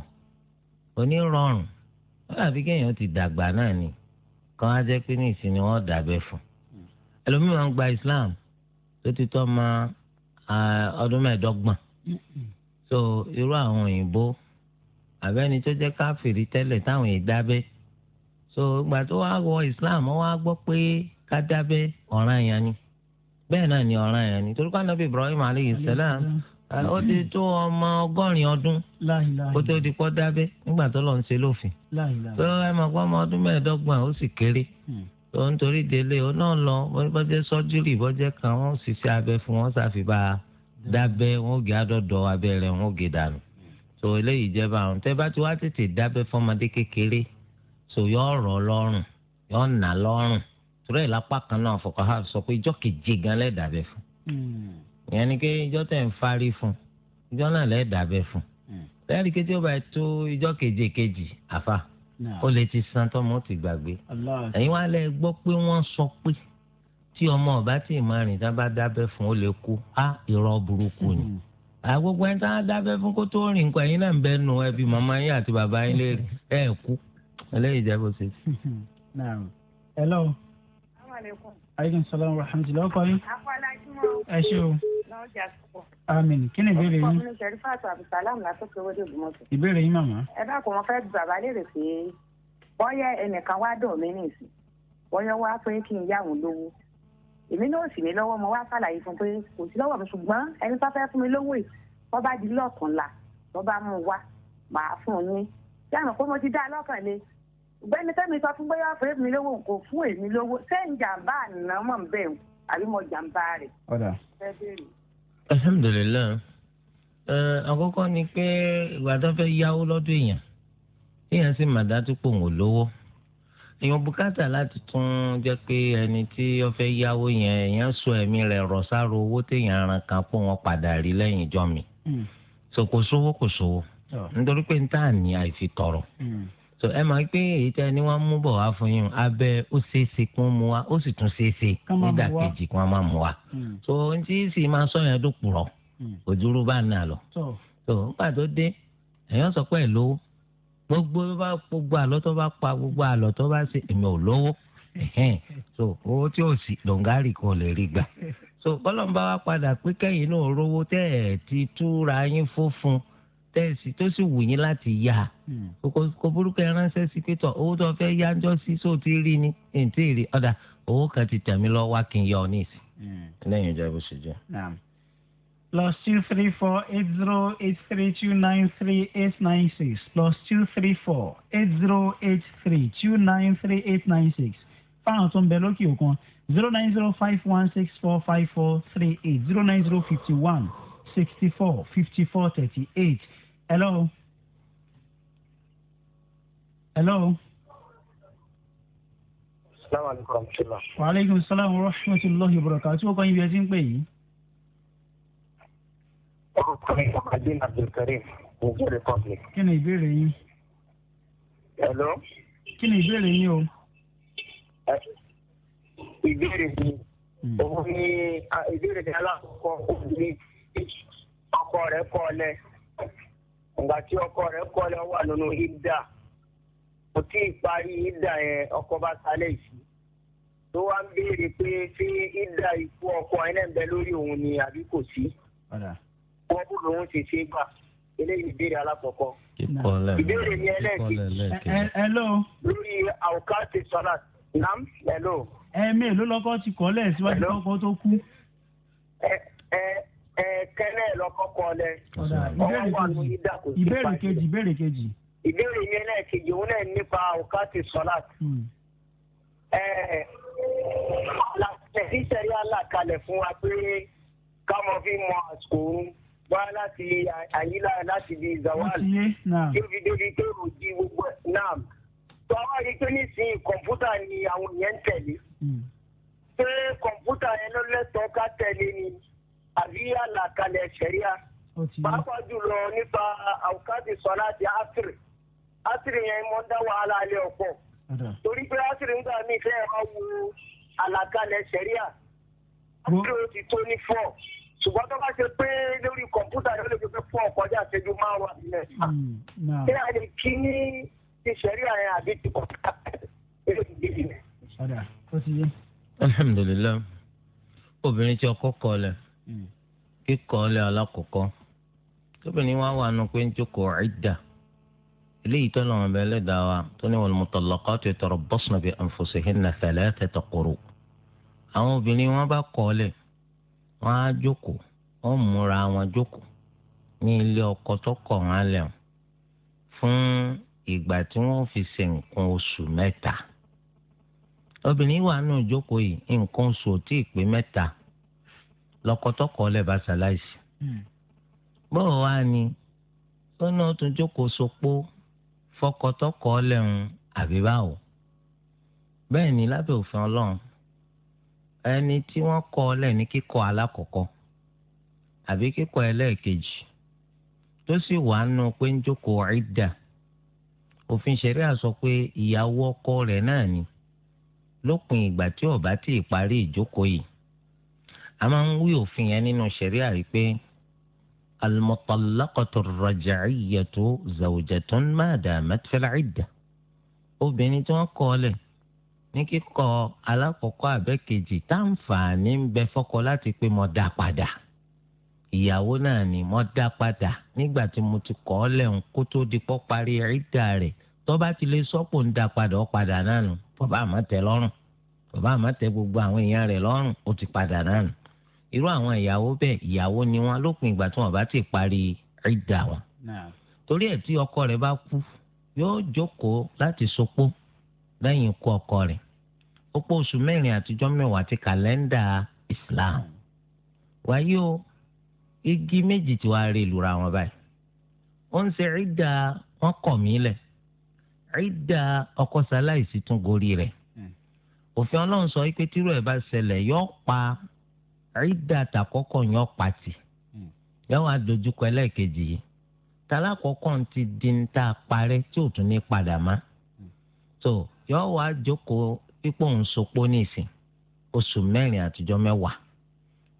onírọ̀rùn ó dàbí kéèyàn ti dàgbà náà ni kàn á jẹ́ pé ní ìsinmi wọn dàbẹ̀ fún ẹlòmíràn gba Islam tó ti tọ́ ma ọdún mẹ́ẹ̀ẹ́dọ́gbọ̀n so irú àwọn òyìnbó àbẹ́ni tó jẹ́ káfìrí tẹ́lẹ̀ táwọn yìí dábẹ́ so ìgbà tó wá wọ Islam wọ́n wá gbọ́ pé ká dábẹ́ ọ̀ranyàn ni bẹ́ẹ̀ náà ni ọ̀ranyàn ni torí pé Ànábì Ibrahim alayhi salam. Mm -hmm ó ti tó ọmọ ọgọ́rin ọdún kó tó di pọ́ dábẹ́ nígbà tó lọ́n ṣe lófin tó ẹ mọ̀ pé ọmọ ọdún mẹ́ẹ̀ẹ́dọ́gbọ̀n ó sì kéré hmm. tó ń torí délé ó náà lọ bọ́jẹ́ sọ́júrì bọ́jẹ́ kan wọ́n ṣiṣẹ́ abẹ fún wọn ṣàfibà dábẹ́ wọn gé àdọ́dọ̀ abẹ́ rẹ̀ wọn gé dànù tó eléyìí jẹ́ bá àwọn bá ti wá tètè dábẹ́ fọ́mọdé kékeré so yọ rọ̀ lọ́rùn yọ nà lọ́rùn torí ẹ̀ lápá kan náà fọkàn ìyẹn ni pé ìjọ tẹ̀ ń fárí fún ìjọ náà lẹ́ẹ̀ dàbẹ̀ fún hmm. lẹ́yìn kí tí ó bá tó ìjọ keje kejì àfa ó lè ti san tọ́mọ ti gbàgbé ẹ̀yin wá lẹ́ gbọ́ pé wọ́n sọ pé tí ọmọ ọba tí ìmọ̀rìn tá bá dábẹ́ fún ó lè kú á irọ́ burúkú ni hmm. àgbogbo ẹni tá a dábẹ́ fún kó tó rìn nǹkan ẹ̀yin náà ń bẹ́ nu ẹbí màmá yín àti bàbá yín lè ẹ̀ kú ẹlẹ́yìí jẹ́ bó ṣe. Hmm. hello aleykum. aleykum salaam wa rahmatulah ọkọ yín. akọ́lá jùmọ̀. ẹ ṣé o. lọ́wọ́ jà sọ̀kọ̀. àmín kí ni ìbéèrè yín. ọkọ mi sẹ́rí fàtó abdulsalam látọ́kẹ́ wọlé ògbómọ̀tò. ìbéèrè yín màmá. ẹ bá kò wọn fẹ́ bàbá léèrè pé bọ́yá ẹnìkan wá dùn mí nìsín bọ́yá wá pé kí n yá òun lówó èmi náà sì ní lọ́wọ́ mo wá sàlàyé fún pé kò sí lọ́wọ́ mi ṣùgbọ́n ẹni tó fẹ́ fún mi lówó yìí wọ́n bá di lọ́ọ̀kan bẹ́ẹ̀ni sẹ́mi sọ fún bóyá fèrè mi lówó nǹkan fún èmi lówó sẹ́yìn jàǹbá àná mọ̀ ń bẹ̀rù àbí mo jàǹbá rẹ̀. ọ̀dà. alhamdulilayi ẹ àkọ́kọ́ ni pé ìgbà tó fẹ́ yáwó lọ́dọ̀ èèyàn èèyàn sì mà dájú pé òun ò lówó èèyàn bùkátà láti tún jẹ́ pé ẹni tí ó fẹ́ yáwó yẹn èèyàn sọ ẹ̀mí rẹ̀ rọ̀ sáró owó téèyàn aràn kan pé wọ́n padà rí lẹ́yìn ìjọ mi hmm. so kò sówó kò sówó oh. nítorí pé n tá ní àìfi so ẹ máa pé èyí tẹ ni wọn mú bọ wá fún yín abẹ ó ṣeéṣe kí wọn mú wa ó sì tún ṣeéṣe nígbà kejì kí máa mú wa hmm. so n tí sì máa sọ yẹn dùn pùrọ hmm. òdúró bá nà lọ so nígbà tó dé èèyàn sọ pé lówó gbogbo bá gbogbo àlọ tó bá pa gbogbo àlọ tó bá ṣe èmi ò lówó so owó tí ò sí lòǹgárì kò lè rí gbà so bọ́lọ́mbà wa padà pé kẹ́yìn náà rówó tẹ́ ẹ̀ ti túra yín fó fún un tẹ́ẹ̀sì tó sì wù yín láti yá hmm. kò burúkú ẹ ránṣẹ́ sí pétọ̀ owó tó fẹ́ yájọ́ sí sóò tí rí ni ètí rí ọ̀dà owó kan ti tẹ̀mí lọ wá kí n yọ ọ ní ìsìn hmm. lẹ́yìn ìjà bó ṣe jẹ́. plus two three four eight zero eight three two nine three eight nine six plus two three four eight zero eight three two nine three eight nine six fáwọn tó ń bẹ lókè òkun zero nine zero five one six four five four three eight zero nine zero fifty one sixty four fifty four thirty eight hello hello. salaamaleykum ṣẹlá. waaleykum salaam wa rahmatulahi wa barakatuh tí o kàn yín bí ẹ ti ń pè yìí. orúkọ mi ọba adé abdulkareem Niger Republic. kí ni ìbéèrè yín. hello. kí ni ìbéèrè yín o. ìbéèrè mi hmm. òun ni ìbéèrè mi alákọ̀ọ́kọ́ òun ni ọkọ rẹ̀ kọ́ ọ lẹ́ ìgbà tí ọkọ rẹ̀ kọ́lé wà nínú hídà kò tí ì parí hídà yẹn ọkọ bá sálẹ̀ sí tó wá ń béèrè pé ṣé hídà ikú ọkọ yẹn náà ń bẹ lórí òun ni àbí kò sí wọ́n bú lòun ṣe ṣe gbà eléyìí ìbéèrè alákọ̀ọ́kọ́ ìbéèrè ni ẹlẹ́ẹ̀kejì lórí àwòká ti sọ́lá nam hello. ẹ̀ẹ́mẹ̀ ló lọ́kọ́ ti kọ́ lẹ̀ síwájú lọ́kọ́ tó kú. ẹ ẹ kẹ́lẹ́ lọ́kọ́kọ́ lẹ ọwọ́ wà ní ìdàkọ̀ sí ìbéèrè kejì ìbéèrè kejì. ìbéèrè yẹn náà kejì òun náà nípa òkàtì sọ́lát. ìṣẹ̀rí alákalẹ̀ fún wa pé ká mọ fi mọ àsìkò oorun wá láti àyílá láti di zawal yóò fi débi pé òjì gbogbo náà tó àwọn yìí pé nísìnyí kọ̀ǹpútà ni àwọn yẹn ń tẹ̀lé hmm. pé kọ̀ǹpútà yẹn ló lẹ́tọ̀ọ́ ká tẹ̀lé ni. Mm àbí àlàkalẹ̀ ṣẹ̀ríà pàápàá jùlọ nípa àwùkáàtì sọlá àti ásírì ásírì yẹn mọ dá wàhálà alẹ́ ọ̀pọ̀ torí pé ásírì nígbà míì fẹ́ ẹ máa wo àlàkalẹ̀ ṣẹ̀ríà ásírì ó ti tó ní fọ́ ṣùgbọ́n tó bá ṣe pé lórí kọ̀ǹpútà yóò lè fi fún ọ̀kọ́jà ṣẹ́jú márùn-ún àti mẹ́ta hmm, ṣé a lè kí ní ti ṣẹ̀ríà yẹn àbí ti kọ̀ǹpútà yẹn. alhamdulilayi obìnrin tí ọkọ kọ lẹ Hmm. kíkọ́ ọ̀lẹ́ alákọ̀ọ́kọ́ tóbìnrin wá wà nù pé ń jókòó eléyìí tó bẹ́ẹ̀ wa tó ní na àwọn obìnrin wọn bá kọ́ wọn á jókòó wọn múra wọn jókòó ní ilé tó kọ̀ wọn lẹ̀ fún ìgbà tí wọ́n fi ṣe nǹkan oṣù mẹ́ta obìnrin wà nù jókòó yìí nǹkan oṣù ò lọ́kọ́tọ́kọ́ lẹ̀ bá ṣaláìsì. Hmm. bọ́ọ̀ wá ni tọ́nà tún jókòó sopó fọkọ́tọ́kọ́ lẹ́hùn àbí báwo. bẹ́ẹ̀ ni lábẹ́ òfin ọlọ́run ẹni tí wọ́n kọ́ ọ lẹ̀ ní kíkọ́ alákọ̀ọ́kọ́ àbí kíkọ́ ẹlẹ́ẹ̀kejì tó sì wà nù pé ń jókòó ìdà òfin ṣẹ̀ríà sọ pé ìyàwó ọkọ rẹ̀ náà ni lópin ìgbà tí ó ti parí ìjókòó yìí a máa ń wí òfin yẹn nínú ṣẹ̀ríà rí pé al-mutallaqatu ar-raj'iyyatu zawjatun ma damat fil-'iddah obìnrin tí wọ́n kọ̀ lẹ̀ ní kíkọ̀ alákọ̀ọ́kọ́ àbẹ́kejì táǹfààní ń bẹ fọ́kọ láti pé mo dá padà ìyàwó náà ni mo dá padà nígbà tí mo ti kọ̀ lẹ̀ ń kó tó di pọ́ parí ìdá rẹ̀ tó bá ti lè sọ́pò ń dá padà ó padà náà nù bàbá àmọ́ lọ́rùn bàbá àmọ́ gbogbo àwọn èèyàn rẹ̀ lọ́rùn ó ti padà náà nù irú àwọn ìyàwó bẹ́ẹ̀ ìyàwó ni wọ́n lópin ìgbà tí wọ́n bá ti parí ìdà wọn. torí ẹ̀ tí ọkọ rẹ̀ bá kú yóò jókòó láti sopó lẹ́yìn ikú ọkọ rẹ̀ ó pọ̀ oṣù mẹ́rin àtijọ́ mẹ́wàá ti kàlẹ́ndà Islam wáyé o igi méjì tí wàá rí lura wọn báyìí ó ń ṣe ìdà wọn kọ̀ mí lẹ̀ ìdà ọkọ sáláìsì tún gorí rẹ̀ hmm. òfin ọlọ́run sọ pé tírú ẹ̀ bá ṣẹlẹ̀ yóò pa àìdá àtàkọ́kọ́ yẹn ọ̀pàtì hmm. yẹn wàá dojúkọ ẹlẹ́ẹ̀kejì yìí tàlákọ́kọ́ ti di ń ta parẹ́ tí ò tún ní padà má hmm. so yẹn wàá jókòó pípọ̀ ń sopó nísìn oṣù mẹ́rin àtijọ́ mẹ́wàá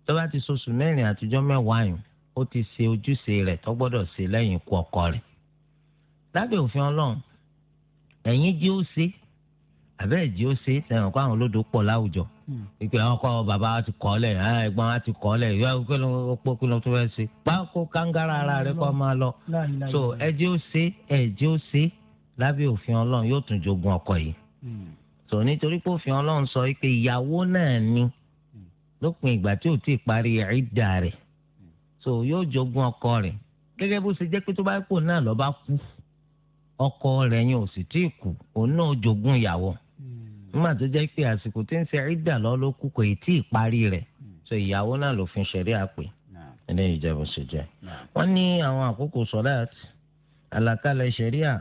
tó bá ti soṣù mẹ́rin àtijọ́ mẹ́wàá yìí ó ti ṣe ojúṣe rẹ̀ tó gbọ́dọ̀ ṣe lẹ́yìn ikú ọkọ rẹ̀ lábẹ́ òfin ọlọ́run ẹ̀yin jí ó ṣe àbẹ́rẹ́ jí ó ṣe sẹ́wọ̀n kó àwọn olódò pọ̀ láwùjọ ìpè hmm. àwọn kọ́ bàbá wa ti kọ́ lẹ̀ ẹ̀gbọ́n wa ti kọ́ lẹ̀ yọ kí ló pọ́ kí ló tó fẹ́ ṣe pákó kángárá ara rẹ kọ́ máa lọ so ẹ jí ó ṣe ẹ jí ó ṣe lábẹ́ òfin ọlọ́run yóò tún jogun ọkọ yìí hmm. so nítorí pé òfin ọlọ́run sọ pé ìyàwó náà ni lópin ìgbà tí ò tí ì parí ìdá rẹ̀ so yóò jogun ọkọ rẹ̀ gẹ́gẹ́ bó ṣe jẹ́ pé tó bá kú náà lọ́ bá kú ọkọ rẹ̀ yẹn ò sì tí ì òun náà jogun ìyàwó nígbà tó jẹ́ pé àsìkò tí ń ṣe ìdà lọ ló kú kò tí ì parí rẹ̀ hmm. so ìyàwó náà lòfin ṣẹ̀rí àpè eléyìí jẹ́ bó ṣe jẹ́ wọ́n ní àwọn àkókò sọ́láàtì àlàkalẹ̀ ṣẹ̀ríà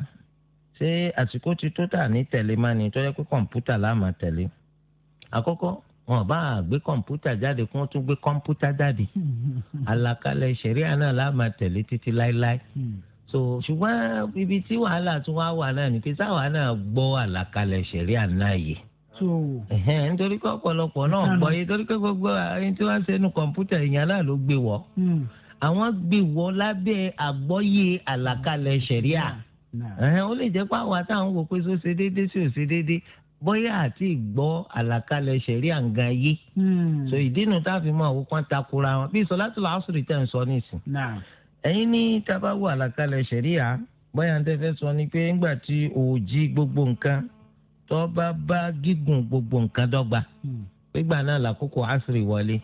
ṣé àsìkò ti tó tà ní tẹ̀lé máa ní tó yẹ pé kọ̀ǹpútà la máa tẹ̀lé àkọ́kọ́ wọn bá gbé kọ̀ǹpútà jáde kí wọ́n tún gbé kọ̀ǹpútà jáde àlàkalẹ̀ ṣẹ̀ríà náà la máa tẹ̀lé títí láéláé. Hmm so ṣùgbọ́n ibi tí wàhálà tún wá wà náà ní pé sáwà náà gbọ́ àlàkalẹ̀ ṣẹ̀rí ànáyè nítorí pé ọ̀pọ̀lọpọ̀ náà gbọ́ yé torí pé gbogbo ẹni tí wọ́n ń ṣe nu kọ̀ǹpútà ìyẹn náà ló gbé wọ́ hmm. àwọn gbé wọ́ lábẹ́ àgbọ́yé àlàkalẹ̀ ṣẹ̀ríà ó lè jẹ́ pé àwọn àtàwọn wò pé só ṣe déédéé sí ò ṣe déédéé bóyá àti ìgbọ́ àlàkalẹ̀ ṣẹ̀ríà ń gan yé so ìdí nu táà fi mọ àwọn kan takora wọn bí sọlá tó lọ àṣírí tẹ̀ ń sọ nísìn ẹ̀yin ní tábà wà àlàkalẹ̀ ṣẹ̀ríà báyà ń tẹ́fẹ́ sọ ni pé ńgbà tí òòjì gbogbo nǹkan tó bá bá gígùn gbogbo nǹkan dọ́gba gbígbà hmm. náà làkókò àṣírí wọlé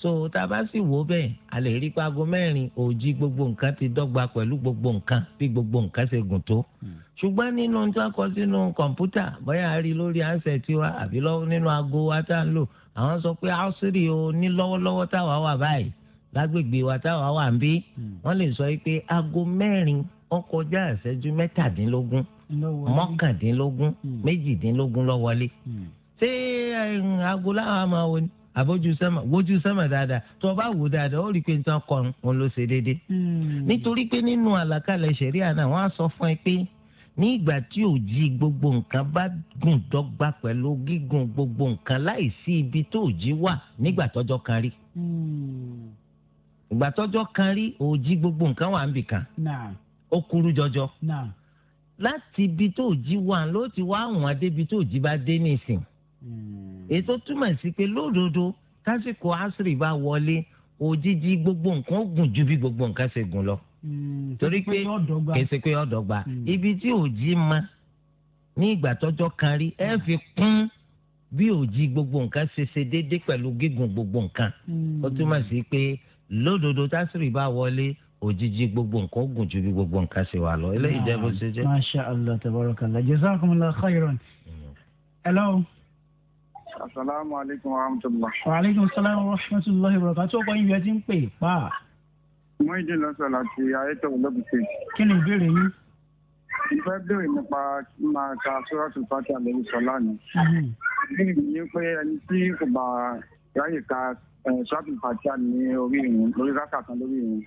so tábà sì wò bẹ́ẹ̀ a lè rí pago mẹ́rin òòjì gbogbo nǹkan ti dọ́gba pẹ̀lú gbogbo nǹkan bí gbogbo nǹkan ṣe gùn tó hmm. ṣùgbọ́n nínú tí wọ́n kọ sínú kọ̀ǹpútà báyà a rí lórí àṣẹ tiwa àbí lọ́wọ́ nínú aago wa tá à ń lò àwọn sọ pé àṣírí o ní lọ́wọ́lọ́wọ́ táwa wà báyìí lágbègbè wa táwa wà ń bí hmm. wọ́n lè sọ pé aago mẹ́rin ó kọjá ìṣẹ́jú mẹ́tàdínlógún mọ́kàndínlógún hmm. méjìdínlógún ló wọlé hmm. ṣé aago láwa máa wọ ni àbójú sẹ́mà wójú sẹ́mà dáadáa tó o bá wò dáadáa ó rí i pé nǹkan kan òun ló ṣe déédé. nítorí pé nínú àlàkalẹ̀ ṣẹ̀ríà náà wọ́n á sọ fún ẹ pé ní ìgbà tí òjì gbogbo nǹkan bá gùn dọ́gba pẹ̀lú gígùn gbogbo nǹkan láì sí ibi tó òjì wà nígbà tọ́jọ́ kan rí ìgbà tọ́jọ́ kan rí òòjì gbogbo nǹkan wà ń bì kan ó kúrú jọjọ láti ibi tó òòjì wà ló ti wá àwọn débi tó òòjì bá dé nísìn hmm. ètò túmọ̀ sí pé lódodo tásìkò àṣírí bá wọlé òjijì gbogbo nǹkan ó gùn ju bí gbogbo nǹkan ṣe gùn lọ hmm. torí pé kèsì pé ọ̀dọ̀gba hmm. ibi tí òjì ma ní ìgbà tọ́jọ́ kan rí ẹ fi kún bí òjì gbogbo nǹkan ṣe ṣe déédé pẹ̀lú gígùn gbogbo nǹkan ó túmọ̀ sí pé lódodo tásìrì bá wọlé òjijì gbogbo nǹkan gùn ju bí gbogbo nǹkan ṣe wà lọ eléyìí jẹ bó ṣe jẹ. masha allah tabarakallah jazakumullahu khairan. hello. asalaamualeykum wa rahmatulah. wa aleykum salaam wa rahmatulah ibrahima tí o kọ́ ibi ẹ ti ń pè pa. mo ń dín lọ́sọ̀ láti ayétọ́ olóbùsè. kí ni ìbéèrè yín. mo fẹ́ béèrè nípa máa ka suratul fatiha lórí sọlá mm-hmm. ni. bí mi ní pé ẹni tí kò bá ráyè ka ṣáàtì fàtíà ní orí ìrìn lórí rákà kan lórí ìrìn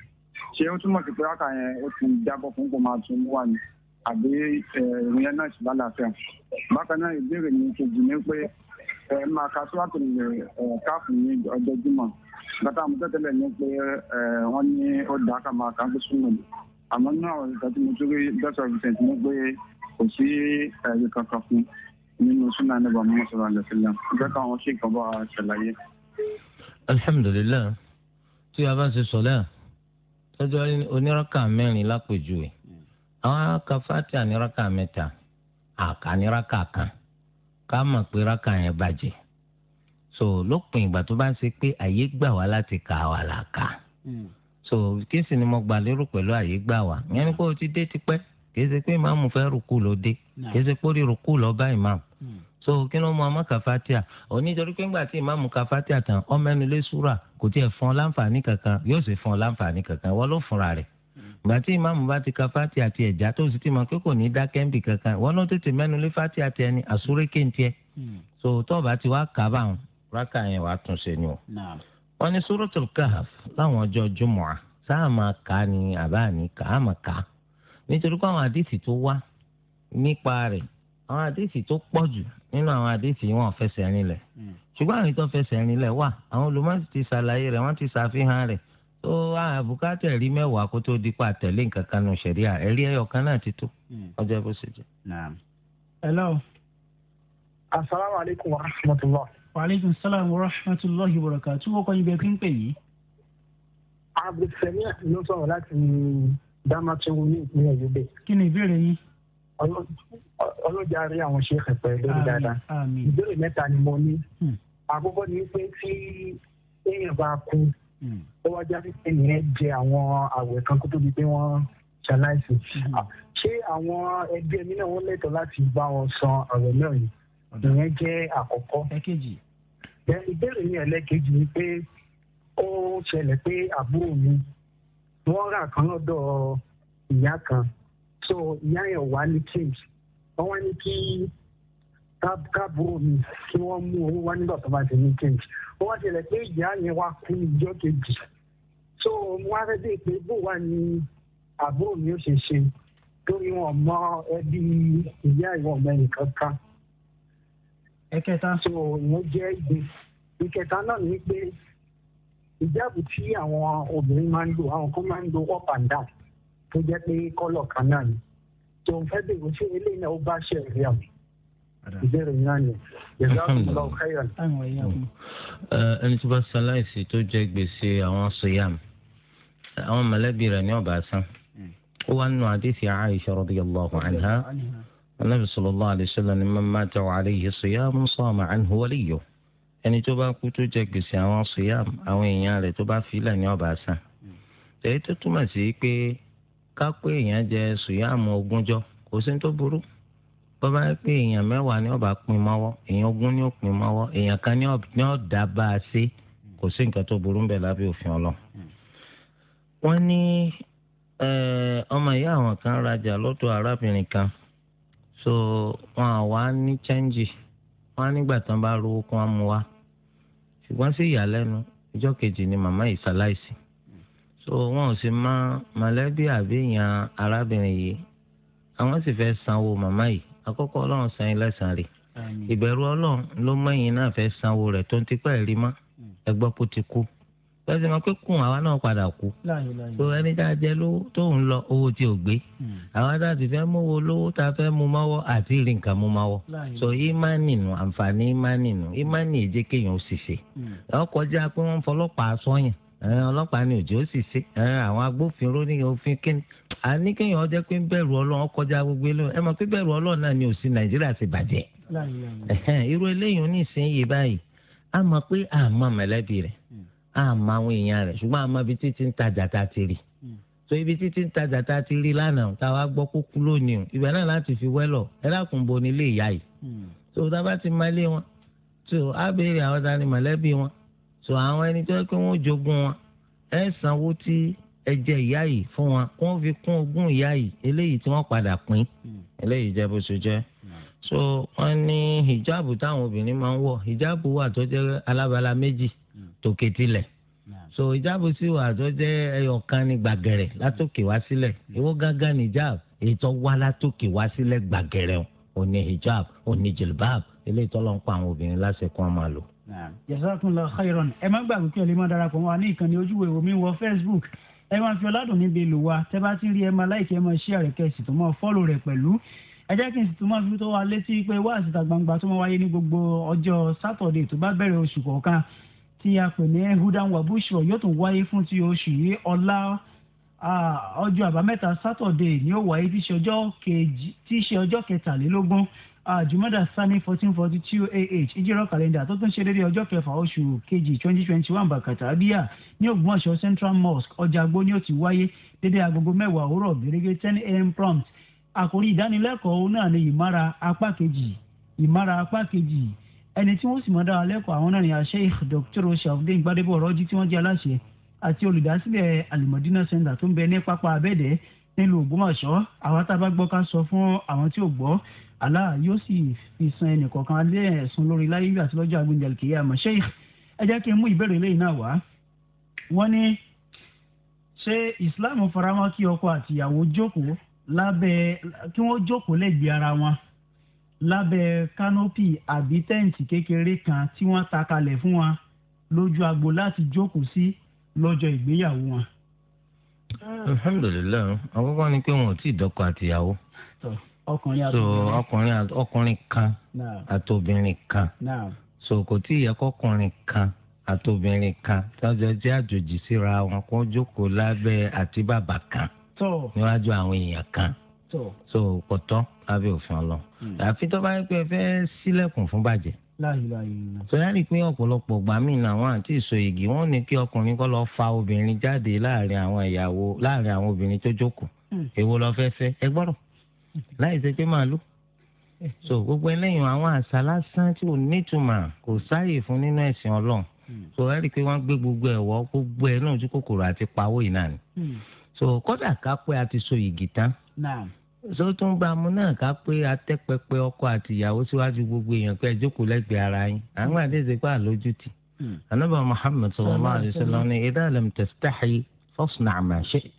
ṣé ó túmọ̀ sí pé rákà yẹn ó ti jábọ̀ fún kó máa tún wà ní àbí ìrìn yẹn náà sì lálàáfíà bákan náà ìbéèrè mi kejì ni pé ẹ máa ka ṣáàtì káàfù ní ọjọ́ jùmọ̀ bàtà àmútẹ́tẹ́lẹ̀ ni pé wọ́n ní ó dà ká máa kà ń gbé súnmọ̀ àmọ́ náà ìgbà tí mo tún rí dọ́sọ̀ vincent ní pé kò sí ẹ̀rí kankan fún nínú súnà nígbà mọ́sálásí lẹ́yìn ìgbà káwọn ṣèkọ́ bá ṣàlàyé alhamdulilayi tí a bá ń ṣe sọlẹ́ tọ́jú oníraka mẹ́rin lápèjúwe àwọn araka fati aníraka mẹ́ta àkà aníraka kan ká mọ̀ pé raka yẹn bàjẹ́ so lópin ìgbà tó bá ń ṣe pé àyè gbà wá láti kà wá là kà so kéèsì ni mo gbà lérò pẹ̀lú àyè gbà wá yẹn ni pé o ti dé tipẹ́ kìí ṣe pé ìmáàmù fẹ́ rúkú ló dé kìí ṣe pé ó rí rúkú lọ bá ìmáàmù so kí ló mú ọmọ kàfátíà ò nítorí pé ńgbà tí ìmáàmù kàfátíà tán ọmọ ẹnu lé súrà kò tiẹ̀ fún ọ láǹfààní kankan yóò sì fún ọ láǹfààní kankan wọ́n ló fúnra rẹ̀ ìgbà tí ìmáàmù bá ti ka fati àti ẹ̀já tó sì ti mọ̀ pé kò ní dákẹ́ ń bì kankan wọ́n ló tètè mẹ́nu lé fati àti ẹni àsúré kéńtiẹ́ hmm. so tọ́ọ̀bù àti wàá kà bá wọn rákà yẹn wàá tún ṣe ni o. wọ́n ní suratul kahf láwọn ọjọ́ jùmọ̀á sáà máa kà á ní àbá ní kà á máa kà á nítorí pé àwọn àdìsí tó nínú àwọn àdéhìí wọn fẹsẹ̀ rinlẹ̀ hmm. ṣùgbọ́n àwọn ìtọ́ fẹsẹ̀ rinlẹ̀ wà àwọn olùmọ̀ọ́sì ti ṣàlàyé rẹ̀ wọ́n ti ṣàfihàn rẹ̀ tó àbùkátà ẹ̀rí mẹ́wàá kó tó dípa tẹ̀lé nǹkan kan nù ṣẹ̀ríà ẹ̀rí ẹyọ kan náà ti tó hmm. ọjọ́ bó ṣe jẹ́. hello. asalaamualeykum wa rahmatulah. wa aleykum salaam wa rahmatulah ibaraka tí wọ́n kọ́ ibẹ̀ kí n pè yìí. abdulsani ló sọ̀rọ̀ láti dámàtúwò ní ìpínlẹ̀ Yobe ọlọ́jà rí àwọn ṣe pẹ̀pẹ́ lórí dáadáa ìbéèrè mẹ́ta ni mo ní hmm. àkọ́kọ́ ni pé tí èèyàn bá kú hmm. ó wá jáde pé nìyẹn jẹ àwọn àwẹ̀ kan kó tóbi pé wọ́n ṣaláìsì hmm. ah, ṣé àwọn ẹbí ẹni náà wọ́n lẹ́tọ̀ọ́ láti bá wọn san àwẹ̀ náà yìí ìyẹn jẹ́ àkọ́kọ́ ìbéèrè ní ẹlẹ́kejì ni pé ó ṣẹlẹ̀ pé àbúrò mi wọ́n rà kan lọ́dọ̀ ìyá kan so ìyá yẹn wà ní change wọ́n wá ní kí káàbùrò mi kí wọ́n mú owó wá nígbà tó bá ti ní change wọ́n wá tilẹ̀ pé ìyá yẹn wá kú ìjọ kejì so mo wá fẹ́ bẹ́ẹ̀ pé bó wà ní àbúrò mi ó ṣe ṣe torí wọn mọ ẹbí ìyá ìwọ̀n mẹ́rin kankan. ẹ̀kẹta. so ìyẹn jẹ́ ìgbé ìkẹta náà ni pé ìjáàbù tí àwọn obìnrin máa ń lò àwọn kan máa ń lo up and down tó jẹ́ pé kọ́lọ̀ kan náà ni tó ń fẹ́ bèrè ṣé eléyìí náà ó bá ṣe rí àmì ìbéèrè náà ni jazakumullahu khairan. ẹni tó bá ṣaláìsí tó jẹ gbèsè àwọn siyam àwọn mọ̀lẹ́bí rẹ̀ ní ọ̀bà san ó wà nínú àdéhìí Aisha radiyallahu anha anabi sallallahu alayhi wa sallam ni man mata wa alayhi siyam sama anhu waliyo ẹni tó bá kú tó jẹ gbèsè àwọn siyam àwọn èèyàn rẹ̀ tó bá filẹ̀ ní ọ̀bà san èyí tó túmọ̀ sí pé ká pé èèyàn jẹ sùyàmù ogúnjọ́ kò sí tó burú bó bá yẹ pé èèyàn mẹ́wàá ni ó bá pín mọ́wọ́ èèyàn ogún ni ó pín mọ́wọ́ èèyàn kan ni ó dá bá a ṣe kò sí nǹkan tó burú ń lábẹ́ òfin Ọlọ́run. wọ́n ní ọmọ ìyá àwọn kan rajà lọ́dọ̀ arábìnrin kan so wọn àwa ní chẹ́ńjì wọn á nígbà tán bá rówó kún mú wa ṣùgbọ́n sí ìyàlẹ́nu ọjọ́ kejì ni màmá yìí ṣaláìsí so wọn ò sì mọ mọ̀lẹ́bí àbíyàn arábìnrin yìí àwọn sì fẹ́ sanwó màmá yìí àkọ́kọ́ ọlọ́run san yín lẹ́san rẹ̀ ìbẹ̀rù ọlọ́run ló mẹ́yìn náà fẹ́ sanwó rẹ̀ tó ń tipẹ́ rí mọ́ mm. ẹgbọ́ kó ti kú lọ́sẹ̀ máa pé kùn àwa náà padà kú so ẹni tá a jẹ lówó tó ń lọ owó tí ò gbé mm. àwa tá a ti fẹ́ mú lówó tá a fẹ́ mú mọ́wọ́ àti rí nǹkan mú mọ́wọ́ so ìmánì nù àǹfààní ìmánì nù ìmánì èjé kéèyàn ó sì ṣe ọkọ̀ mm. jẹ́ pé wọ́n ń fọlọ́pàá ọlọ́pàá ni òjò sì ṣe àwọn agbófinró ní òfin kíni àní kéèyàn ọjọ́ pé ń bẹ̀rù ọlọ́run kọjá gbogbo eléyìí ẹ mọ̀ pé bẹ̀rù ọlọ́run náà ni òsì nàìjíríà ti bàjẹ́ irú eléyìí ní ìsinyìí báyìí a mọ̀ pé a mọ̀ mẹ̀lẹ́bí rẹ̀ a mọ̀ àwọn èèyàn rẹ̀ ṣùgbọ́n a mọ̀ ibi títí ń tajà tá a ti rí so ibi títí ń tajà tá a ti rí lánàá tá a wá gbọ́ kó kú lónìí o ibẹ̀ náà láti fi wẹ́lọ̀ ẹ lákùn bo ní so tá a bá ti máa lé wọn so so àwọn ẹni tó yẹ pé wọ́n jogún wọn ẹ sanwó tí ẹ jẹ ìyá yìí fún wọn kí wọ́n fi kún ogún ìyá yìí eléyìí tí wọ́n padà pín eléyìí jẹ́ bó ṣe jẹ́ so wọ́n ní hijab táwọn obìnrin máa ń wọ̀ hijab wà tó jẹ́ alábala méjì tòkè tilẹ̀ so hijab sì wà tó jẹ́ ẹyọkan ní gbàgẹ̀rẹ̀ látòkè wá sílẹ̀ èwo gángan ní hijab èyí tó wá látòkè wá sílẹ̀ gbàgẹ̀rẹ̀ òní hijab òní jilbab eléyìí tó lọ ń pa àwọn obìnrin láṣẹ kí wọ́n máa lò jazakumullahu khairan ẹ má gbàgbé kí ẹ lè má darapọ̀ wá ní ìkànnì ojúwe omi wọ facebook ẹ máa fi ọládùn níbi lò wá tẹ bá ti rí ẹ máa láìkí ẹ máa ṣí àrẹ kẹsì tó máa fọ́lò rẹ̀ pẹ̀lú ẹ jẹ́ kí n sì tún máa fi tó wa létí pé wá àsìta gbangba tó máa wáyé ní gbogbo ọjọ́ sátọ̀dé tó bá bẹ̀rẹ̀ oṣù kọ̀ọ̀kan tí a pè ní hudan wabushọ yóò tún wáyé fún ti oṣù yìí ọ̀la ọjọ́ àbámẹ́ta sátọ̀dé ni ó wáyé tí í ṣe ọjọ́ kẹtàlélógún Ah, jumada sani fourteen forty two ah ìjírọ̀ kàlẹ́ndà tó tún ṣe déédéé ọjọ́ kẹfà oṣù kejì twenty twenty one bàkàtà bíyà ní ògbómọ̀ṣọ́ central mosque ọjà agbó ni ó ti wáyé déédéé agogo mẹ́wàá òwúrọ̀ gẹ́gẹ́ ten am prompt àkórí ìdánilẹ́kọ̀ọ́ náà ni ìmára apá kejì ìmára apá kejì ẹni tí wọ́n sì mọ̀ dára lẹ́kọ̀ọ́ àwọn náà ni Sheikh Dr. Shafdin Gbadebo Ọ̀rọ̀jì tí wọ́n jẹ́ aláṣẹ àti olùdásílẹ̀ Al-Madina Center tó ń bẹ ní pápá abẹ́dẹ́ nílùú Ògbómọ̀ṣọ́ àwa tá a bá gbọ́ ká sọ fún àwọn tí ò gbọ́ Allah yóò sì fi san ẹnìkọ̀ọ̀kan alẹ́ ẹ̀sùn lórí láyé bí àti lọ́jọ́ àgbéǹdàlù kìí àmọ́ ṣé ẹ jẹ́ kí n mú ìbéèrè lẹ́yìn náà wá wọ́n ní ṣé Islam faramọ́ kí ọkọ àtìyàwó jókòó lábẹ́ kí wọ́n jókòó lẹ́gbẹ̀ẹ́ ara wọn lábẹ́ kánópì àbí tẹ́ǹtì kékeré kan tí wọ́n ta fún wọn lójú agbo láti jókòó sí lọ́jọ́ ìgbéyàwó wọn alhamdulilayi àkọ́kọ́ ni pé wọn ò tí ì dọ́kọ àtìyàwó so ọkùnrin ọkùnrin kan àtòbìnrin kan so kò tí ì yẹ kọkùnrin kan àtòbìnrin kan tọ́jọ́ jẹ́ àjòjì síra wọn kó jókòó lábẹ́ àti bàbá kan níwájú àwọn èèyàn kan so kò tọ́ lábẹ́ òfin ọlọ́ hmm. àfi tó bá yẹ pé ẹ fẹ́ sílẹ̀kùn fún bàjẹ́ sọyá ni pé ọ̀pọ̀lọpọ̀ gbà mí làwọn àti ìsọ igi wọ́n ní kí ọkùnrin kọ́ lọ fa obìnrin jáde láàrin àwọn ìyàwó láàrin àwọn obìnrin tó jókòó hmm. èwo lọ fẹ́ fẹ́ ẹ gbọ́rọ̀ láì ṣe pé màálù so gbogbo eléyìí àwọn àṣà lásán tí ò nítumọ̀ kò sáàyè fún nínú ẹ̀sìn ọlọ́run hmm. so ẹ rí i pé wọ́n gbé gbogbo ẹ̀wọ́ gbogbo ẹ̀ náà ojú kòkòrò àti pawó yìí náà ni hmm. so kódà ká pé a ti so igi tán sótún bá mu náà ká pé atẹ́pẹpẹ ọkọ àti ìyàwó síwájú gbogbo èèyàn pé ẹjókòó lẹ́gbẹ̀ẹ́ ara yín àwọn àdéhùn pa àlójú tì anábà hmm. muhammed sallallahu alaihi wasallam ní idha lam tastahi fasna' ma shi't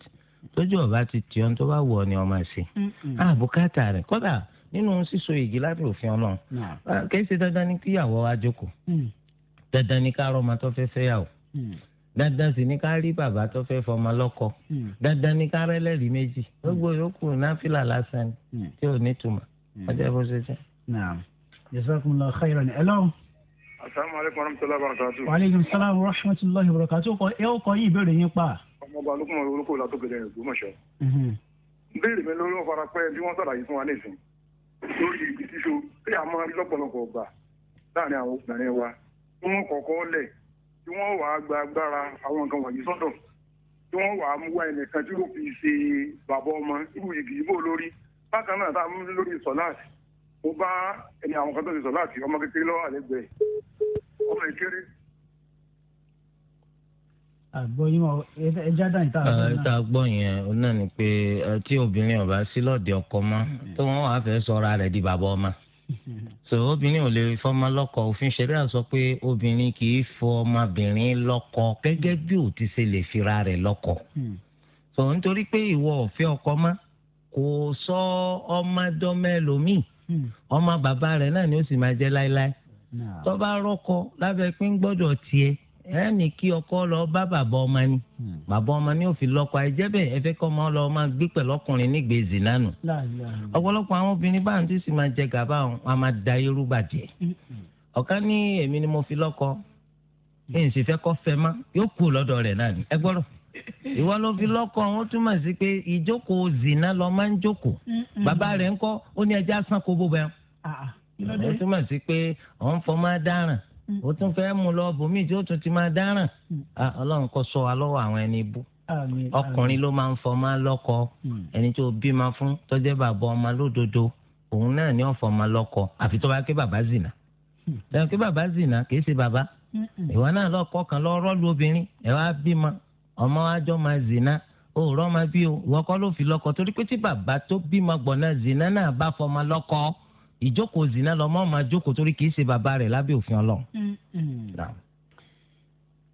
tójú ọba ti tì ọ́n tó bá wù ọ́ ni ọmọ ẹ̀sìn hmm. àbùkátà rẹ̀ kódà nínú sísọ ìgì lábẹ́ òfin ọlọ́run kẹ́sì dandan ní kíyàwó wa jókòó hmm. dandan ní ká rọ́ọ̀mà tó fẹ́ fẹ́ yàwó dandan sì ní ká rí bàbá tó fẹ́ fọmọ lọ́kọ hmm. dandan ní ká rẹ́lẹ́rìí méjì gbogbo yòókù náfìlà lásán ni hmm. tí ò ní túmọ̀ hmm. ọjọ́ bó ṣe jẹ́. jazakumullahu khairan hello. asalaamualeykum wa rahmatulahi wa barakatu. wa aleykum salaam wa rahmatulahi wa barakatu. ẹ ó kọ yín ìbéèrè yín pa. ọmọọba alukun olùkọ ìlàtọ gẹlẹ ẹ gbọmọṣọ. Mhm. béèrè mi lórí wọn fara pẹ bí wọn sàlàyé fún wa nísìnyí lórí ibi a máa rí lọ́pọ̀lọpọ̀ ọgbà láàrin àwọn obìnrin wa tí wọn kọ́kọ́ tí wọ́n wà á gba agbára àwọn nǹkan wọ̀nyí sọ́dọ̀ tí wọ́n wà á mú wá ẹnìkan tí yóò fi ṣe bàbá ọmọ irú igi ìbò lórí bákan náà tá a mú lórí sọláàtì mo bá ẹni àwọn kan tó ṣe sọláàtì ọmọ kékeré lọ́wọ́ àlẹ́gbẹ̀ẹ́ ọmọ ìkéré. àgbọ̀yìn ẹja dá ìta àgbọ̀yìn náà. ìta àgbọ̀yìn ẹ̀ ọ náà ni pé tí obìnrin ọ̀bá sí lọ́ọ̀dẹ̀ ọkọ mọ́ mm. tó wọ́n wàá fẹ́ sọ ara rẹ̀ di bàbá ọmọ. so obìnrin ò lè fọmọ lọ́kọ òfin ṣẹlẹ̀ sọ pé obìnrin kì í fọ ọmọbìnrin lọ́kọ gẹ́gẹ́ bí ò ti ṣe lè fira rẹ̀ lọ́kọ hmm. so nítorí pé ìwọ ọ̀fẹ́ ọkọ mọ́ kò sọ ọmọdọ́mẹ́lòmíì hmm. ọmọ bàbá rẹ̀ náà ni ó sì máa jẹ́ láéláé tó bá rọ́kọ lábẹ́ pín gbọ́dọ̀ tiẹ̀ ẹ ní kí ọkọ lọ bá bàbá ọmọ ni hmm. bàbá ọmọ ni ó fi lọ́kọ àìjẹ́ bẹ́ẹ̀ ẹ fẹ́ kọ́ ọmọ lọ máa gbé pẹ̀lú ọkùnrin nígbè zinanu ọ̀pọ̀lọpọ̀ àwọn obìnrin báwọn tó sì máa jẹ gàba àwọn a máa da irú bàjẹ́ hmm, hmm. ọ̀kan ní èmi ni mo fi lọ́kọ ẹ ǹ sì fẹ́ kọ́ fẹ́ má yóò kú lọ́dọ̀ rẹ̀ náà ni ẹ gbọ́dọ̀ ìwọ ló fi lọ́kọ wọn túmọ̀ sí pé ìjókòó zina lọ máa ń jókòó bàbá rẹ̀ ńkọ́ ó ní ẹja sàn kó bó bẹ́ẹ̀ ah, ah. ó túmọ̀ sí pé òun fọmọ adáràn Mm. ó tún fẹ́ mú lọ bòmíì tí ó tún ti máa dáràn mm. ah, ọlọ́run kó sọ wa lọ́wọ́ àwọn ẹni bú ọkùnrin ló máa ń fọmọ lọ́kọ mm. ẹni tó bímọ fún tó jẹ́ bàbá ọmọ lódodo òun náà ni ó fọmọ lọ́kọ àfi tó bá ké bàbá zìnà lẹ́yìn pé bàbá zìnà kì í ṣe bàbá ìwọ náà lọ́kọ kan lọ́rọ́ lu obìnrin ẹ̀ wá bímọ ọmọ wa jọ máa zìnà òòrọ̀ máa bí o ìwọ kọ́ ló fi lọ́kọ torí pé tí bàbá tó bímọ gbọ̀nà zìnà náà bá fọmọ lọ́kọ ìjókòó zina lọmọ máa jókòó torí kì í ṣe bàbá rẹ̀ lábẹ́ òfin Ọlọ́run. Mm. Mm.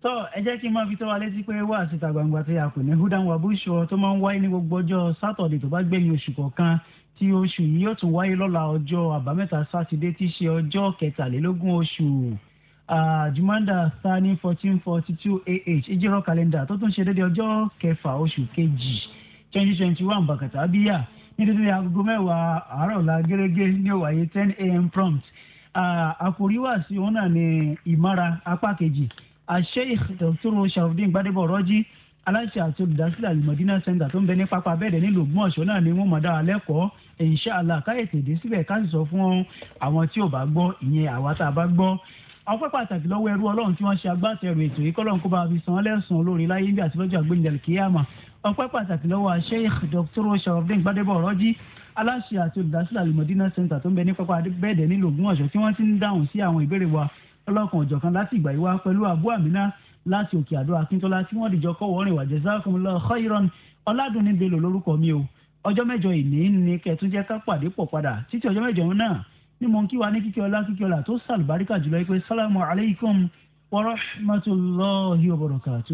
tọ́ ẹ jẹ́ kí n máa fi tó wa létí pé wá síta gbangba tí a pè ní húdà wà búṣọ tó máa ń wáyé ní gbogbo ọjọ́ sátọ̀dẹ̀ tó bá gbẹ̀yìn oṣù kọ̀ọ̀kan tí oṣù yìí yóò tún wáyé lọ́la ọjọ́ àbámẹ́ta sátidé tí í ṣe ọjọ́ kẹtàlélógún oṣù jumanda thani fourteen forty two ah ìjírọ̀ kàlẹ́ndà tó tún ṣe déédéé ọjọ́ kẹfà oṣù kejì twenty twenty one bàkàtà bíyà ní dédé agogo mẹ́wàá àárọ̀ la gẹ́gẹ́ ní ó wáyé ten a.m. prompt àforíwàsí òun náà ni ìmára apá kejì Sheikh Dr. Sharafdeen Gbadebo Rọ́jí aláṣẹ àti olùdásílẹ̀ alimọ̀dínà center tó ń bẹ ní pápá bẹ́ẹ̀ nílùú Ògbómọ̀ṣọ́ náà ni wọ́n mọ̀ dára lẹ́kọ̀ọ́ inshallah káyọ̀tì dé síbẹ̀ ká sì sọ fún àwọn tí ò bá gbọ́ ìyẹn àwa tá a bá gbọ́ ọpẹ́ pàtàkì lọ́wọ́ ẹrú Ọlọ́run tí wọ́n ṣe agbátẹrù ètò yìí kọ́lọ́run kó bá fi san ẹlẹ́sùn olórí láyé bí àtìlọ́jọ́ àgbéǹdà kìíyàmà ọpẹ́ pàtàkì lọ́wọ́ Sheikh Dr. sharafdin gbadebo ọ̀rọ́jì aláṣẹ àti olùdásílẹ̀ alimọ̀dínà center tó ń bẹ ní pápá bẹ́ẹ̀dẹ̀ nílùú Ògbómọ̀ṣọ́ tí wọ́n ti ń dáhùn sí àwọn ìbéèrè wa ọlọ́kan ọ̀jọ̀kan láti ìgbà yìí wá pẹ̀lú àbú àmínà láti òkè àdó akíntola tí wọ́n dìjọ kọ́ wọ́rin wà jazakumullahu khairan ọ̀làdúnni belò lórúkọ mi o ọjọ́ mẹ́jọ ìní ni kẹ́ẹ̀tún jẹ́ ká pàdé pọ̀ padà títí ọjọ́ mẹ́jọ náà ní mò ń kí wa ní kíkẹ́ ọlá kíkẹ́ ọlá tó sàlùbáríkà jùlọ pé sálámù alaykum wa rahmatulahi wa barakatu.